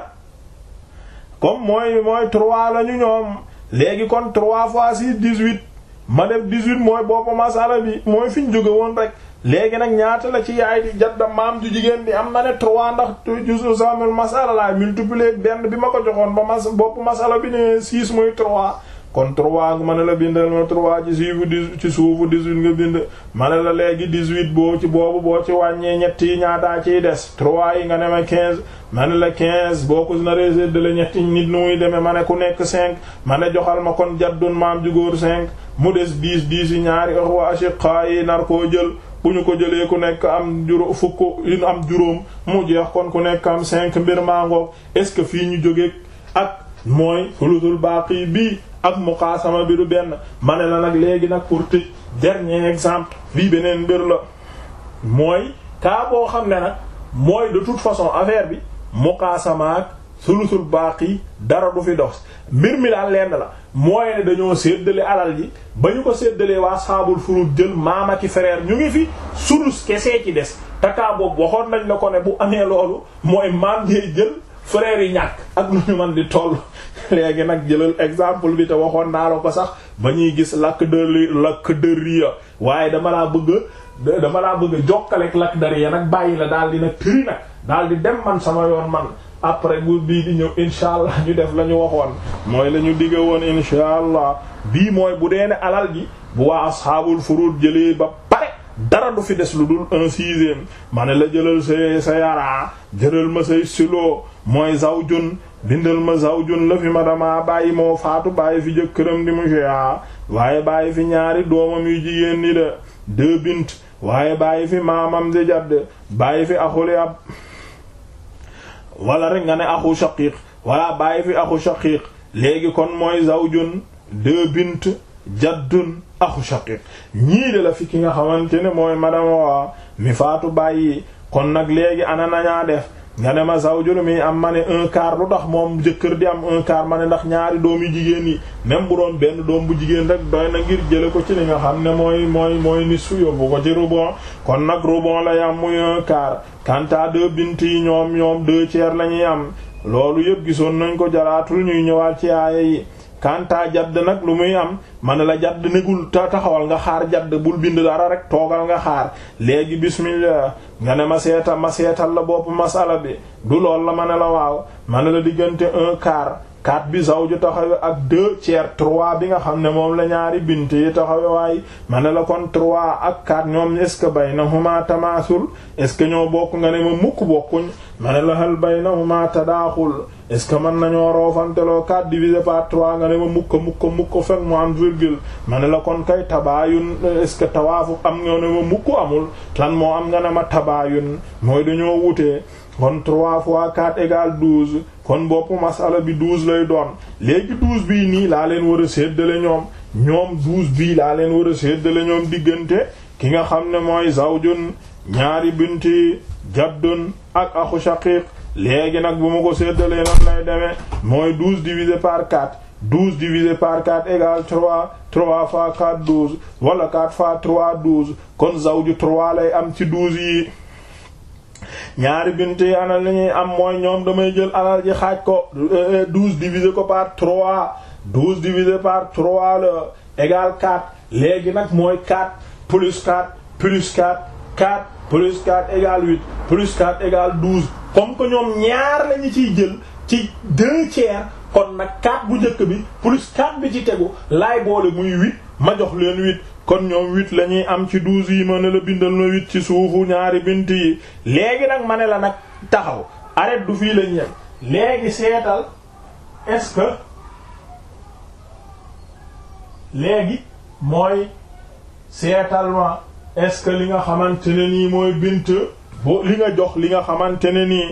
comme mooy mooy trois lañu ñoom léegi kon trois fois six dix-huit ma def dix-huit mooy boppu masala bi mooy fi ñu jóge woon rek léegi nag ñaata la ci yaay di jadda maam ju jigéen di am na ne trois ndax juz'u samil masala laay multiplier benn bi ma ko joxoon ba mas boppu masala bi ne six muy trois kon trois ma ne la bind ma trois ci suufu dix ci suufu dix nga bind ma ne la léegi dix-huit boo ci boobu boo ci wàññee ñetti yi ñaataa ciy des trois yi nga ne ma quinze ma ne la quinze boo ko na réserve de la ñetti nit nu muy demee ma ne ku nekk cinq ma ne joxal ma kon jaddun maam ju góor cinq mu des dix dix yi ñaari axwa ashiqa yi nar koo jël bu ñu ko jëlee ku nekk am juróom fukk in am juróom mu jeex kon ku nekk am cinq mbir maa ngoog est-ce que fii ñu jógee ak mooy sulusul baaqi bii ak muqaasama bi du benn ma la nag léegi nag pour tëj dernier exemple bii beneen mbir la mooy kaa xam ne na mooy de toute façon affaire bi muqaasama ak sulusul baaqi dara du fi dox mbir mi daal lenn la mooy dañoo séddale alal ji ba ñu ko séddalee waa saabul furut jël maamaki frère ñu ngi fi sulus kese ci des takaa boobu waxoon nañ la ko ne bu amee loolu mooy maam ngay jël frères yi ñàkk ak lu ñu man di toll léegi nag jëlal exemple bi te waxoon naa la ko sax ba ñuy gis lakk dëri lakk dëri ya waaye dama laa bëgg dama laa bëgg a jokkaleeg lakk dëri ya nag bàyyi la daal di nag tëri nag daal di dem man sama yoon man après bu bii di ñëw incha allah ñu def la ñu waxoon mooy la ñu digge woon incha allah bii mooy bu dee ne alal ji bu waa asxaabul furud jëlee ba. dara du fi des lu dul ma ne la jëlal sa sa yaraa jëlal ma say silo mooy zawjun bindal ma zawjun la fi ma damaa bàyyi moo faatu bàyyi fi jëkkëram di muséa waaye bàyyi fi ñaari doomam yu jigéen ni de deux bint waaye bàyyi fi maamam di jadd bàyyi fi axuli ab wala rek nga ne axu shaqiq wala bàyyi fi axu shaqiq léegi kon mooy zawjun deux jaddun axu shaqiq ñii de la fi nga xamante ne mooy madama waa mi faatu bàyyi kon nag léegi ana nañaa def nga ne ma zawjul mi am ma ne un quart lu tax moom jëkkër di am un ma ne ndax ñaari doom jigéen yi même bu doon benn doom bu jigéen rek doy na ngir jële ko ci li nga xam ne mooy mooy mooy ni su yóbbu ko ci rubon kon nag rubon lay am muy un quart quant bint yi ñoom ñoom deux tiers la ñuy loolu yëpp gisoon nañ ko jaraatul ñuy ñëwaat ci aaya kanta jadd nag lu muy am ne la jadd négul ta taxawal nga xaar jàdd bul bind dara rek toogal nga xaar léegi bismillah nga ne ma seeta ma seetal la bopp masala bi du lool la ma ne la waaw ma ne la diggante un quart quatre bi zawju taxawe ak deux tiers trois bi nga xam ne moom la ñaari bint yi taxawe waay ma ne la kon trois ak quatre ñoom est-ce que baynahuma tamaasul est-ce que ñoo bokk nga ne ma mukk bokkuñ ma ne la hal baynahuma tadaaxul est-ce que mën nañoo roofanteloo 4 divisé par 3 nga ne ma mukk mukk mukk fekk mu am ma ne la kon kay tabaayun est-ce que tawaafuk am nga ne ma mukk amul lan moo am nga ne ma tabaayun mooy dañoo wutee kon 3 fois 4 égale 12 kon boppu masala bi 12 lay doon léegi 12 bii nii laa leen war a séddale ñoom ñoom bii laa leen war a séddale diggante ki nga xam ne mooy zawjun ñaari binti jaddun ak axu shaqiq léegi nag bu ma ko séddalee nan lay demee mooy douze divisé par quatre douze divisé par quatre égale trois trois fois quatre douze wala quatre fois trois douze kon zawju trois lay am ci douze yi ñaari bint yi ana li ñuy am mooy ñoom damay jël alal ji xaaj ko euh, euh, douze divisé ko par trois douze divisé par trois la égale quatre léegi nag mooy quatre plus quatre plus quatre quatre plus 4 égale 8 plus 4 égale 12 comme ñoom ñaar lañu ciy jël ci deux tiers kon nag 4 bu njëkk bi plus 4 bi ci tegu laay boole muy 8 ma jox leen 8 kon ñoom 8 la ñuy am ci 12 yi ma ne la bindal na 8 ci suufu ñaari bint yi léegi nag ma ne la nag taxaw arrête du fii la ñeem léegi seetal est léegi mooy seetal ma est li nga xamante ne nii mooy bint li nga jox li nga xamante ne nii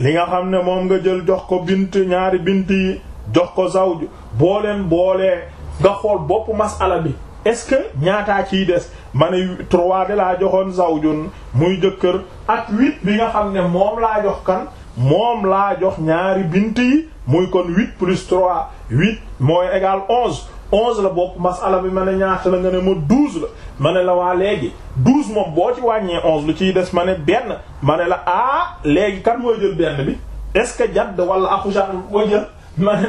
li nga xam ne moom nga jël jox ko bint ñaari bint yi jox ko zawju boo leen boolee nga xool boppu masala bi est-ce que ñaataa ciy des ma ne trois de laa joxoon zawjun muy jëkkër at huit bi nga xam ne moom laa jox kan moom laa jox ñaari bint yi muy kon huit plus trois huit mooy égal onze onze la bopp masala bi ma ne ñaata la nga ne ma douze la ma ne la waa leegi douze moom boo ci wàññee onze lu ciy des ma ne benn ma ne la ah léegi kan mooy jël benn bi est-ce que jadd wala axujan mooy jël ma ne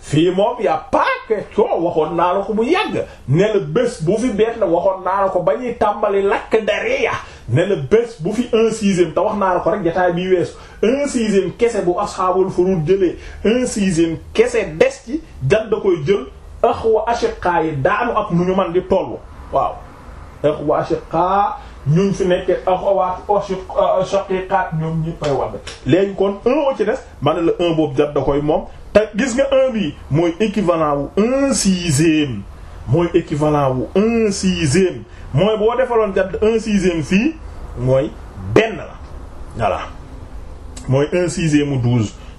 fii moom y'a pas question waxoon naa ko bu yàgg ne bu fi benn waxoon naa ko ba ñuy tàmbali lakk dare ya ne bés bu fi un sixième wax naa ko rek jotaay bi weesu un sixième kese bu asxaabul furud jëlee un kese des ci jadd da koy jël axwa ashiqaa yi daanu ak nu ñu man di tollu waaw axwa ashiqaa ñun fi nekkee axawaat shaqiqaat ñoom ñi koy wadd léegi kon un woo ci des ma la un boobu jot koy moom te gis nga un bi mooy équivalent wu un sixième mooy équivalent wu un sixième boo defaloon jadd un sixième fii mooy benn la voilà mooy un sixième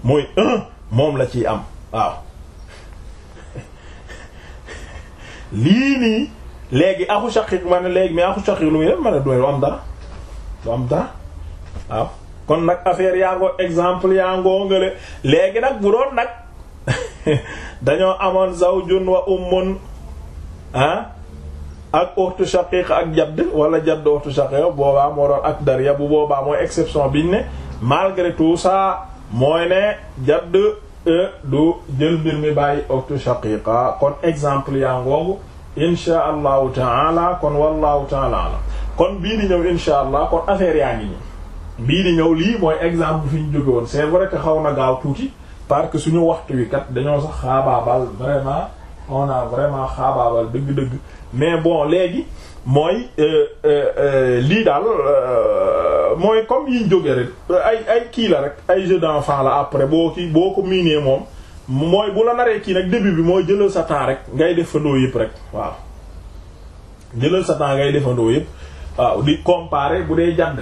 mooy un moom la ciy am waaw lii nii léegi axu shaqiq ma ne léegi mais axu shaqiq lu muy def ma ne du am dara du am dara waaw kon nag affaire yaa ngoo exemple yaa ngoo léegi nag bu doon nag dañoo amoon zawjun wa ummun ah ak uxtu ak jadd wala jadd uxtu boobaa moo doon ak dariya bu boobaa mooy exception biñ ne malgré tout ça mooy ne jadd du jël mbir mi bàyyi uktu shaqiqa kon exemple yaa ngoogu insha allahu taala kon wallahu taala la kon bii di ñëw insha allah kon affaire yaa ngi nii bii di ñëw lii mooy exemple fi ñu jóge woon c'est vrai que xaw na gaaw tuuti parce suñu waxtu wi kat dañoo sax xaabaabal vraiment on a vraiment xaabaabal dëgg-dëgg mais bon léegi mooy euh, euh, euh, lii daal mooy comme yiñ jóge rek ay ay kii la rek ay jeu d'enfant la après boo ki boo ko miinee moom mooy bu la naree kii nag début bi mooy jëlal sa temps rek ngay defandoo yëpp rek waaw jëlal satan ngay defandoo yëpp waaw di comparer bu dee jànd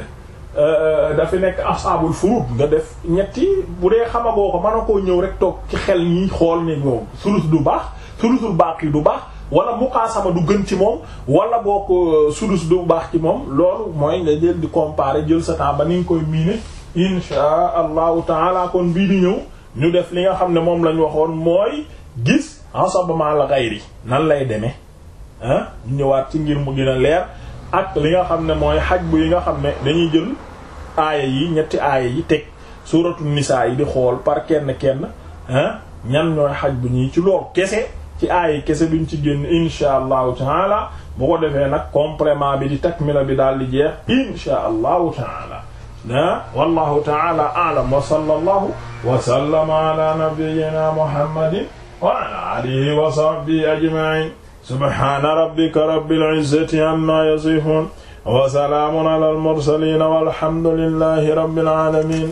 dafi nekk asaabul furud nga def ñetti bu dee xamagoo ko mën na koo ñëw rek toog ci xel ñi xool ni moom sulus du baax sulusul baax yi du baax wala muqaasama du gën ci moom wala boo ko euh, sudus du baax ci moom loolu mooy nga jël di comparer jël sa temps ba ni nga koy miine insha allahu taala kon bii di ñëw ñu def li nga xam ne moom lañ waxoon mooy gis asabama la gayri nan lay demee ah ñu ñëwaat ci ngir mu gën a leer ak li nga xam ne mooy xaj bu yi nga xam ne dañuy jël aaya yi ñetti aaya yi teg suuratu nisaa yi di xool par kenn kenn ah ñan ñooy xaj bu ñii ci loolu kese ci aay kese biñ ci génn insha allahu taala bu ko defee nag complément bi di takmila bi daal di jeex insha allahu taala ah wallahu taala a'lam wa sallallahu wa sallama ala nabiyyina muhammadin wa ala alihi wa sahbihi ajma'in subhana rabbika rabbil izzati amma yasifun wa salamun ala al mursalin walhamdulillahi rabbil alamin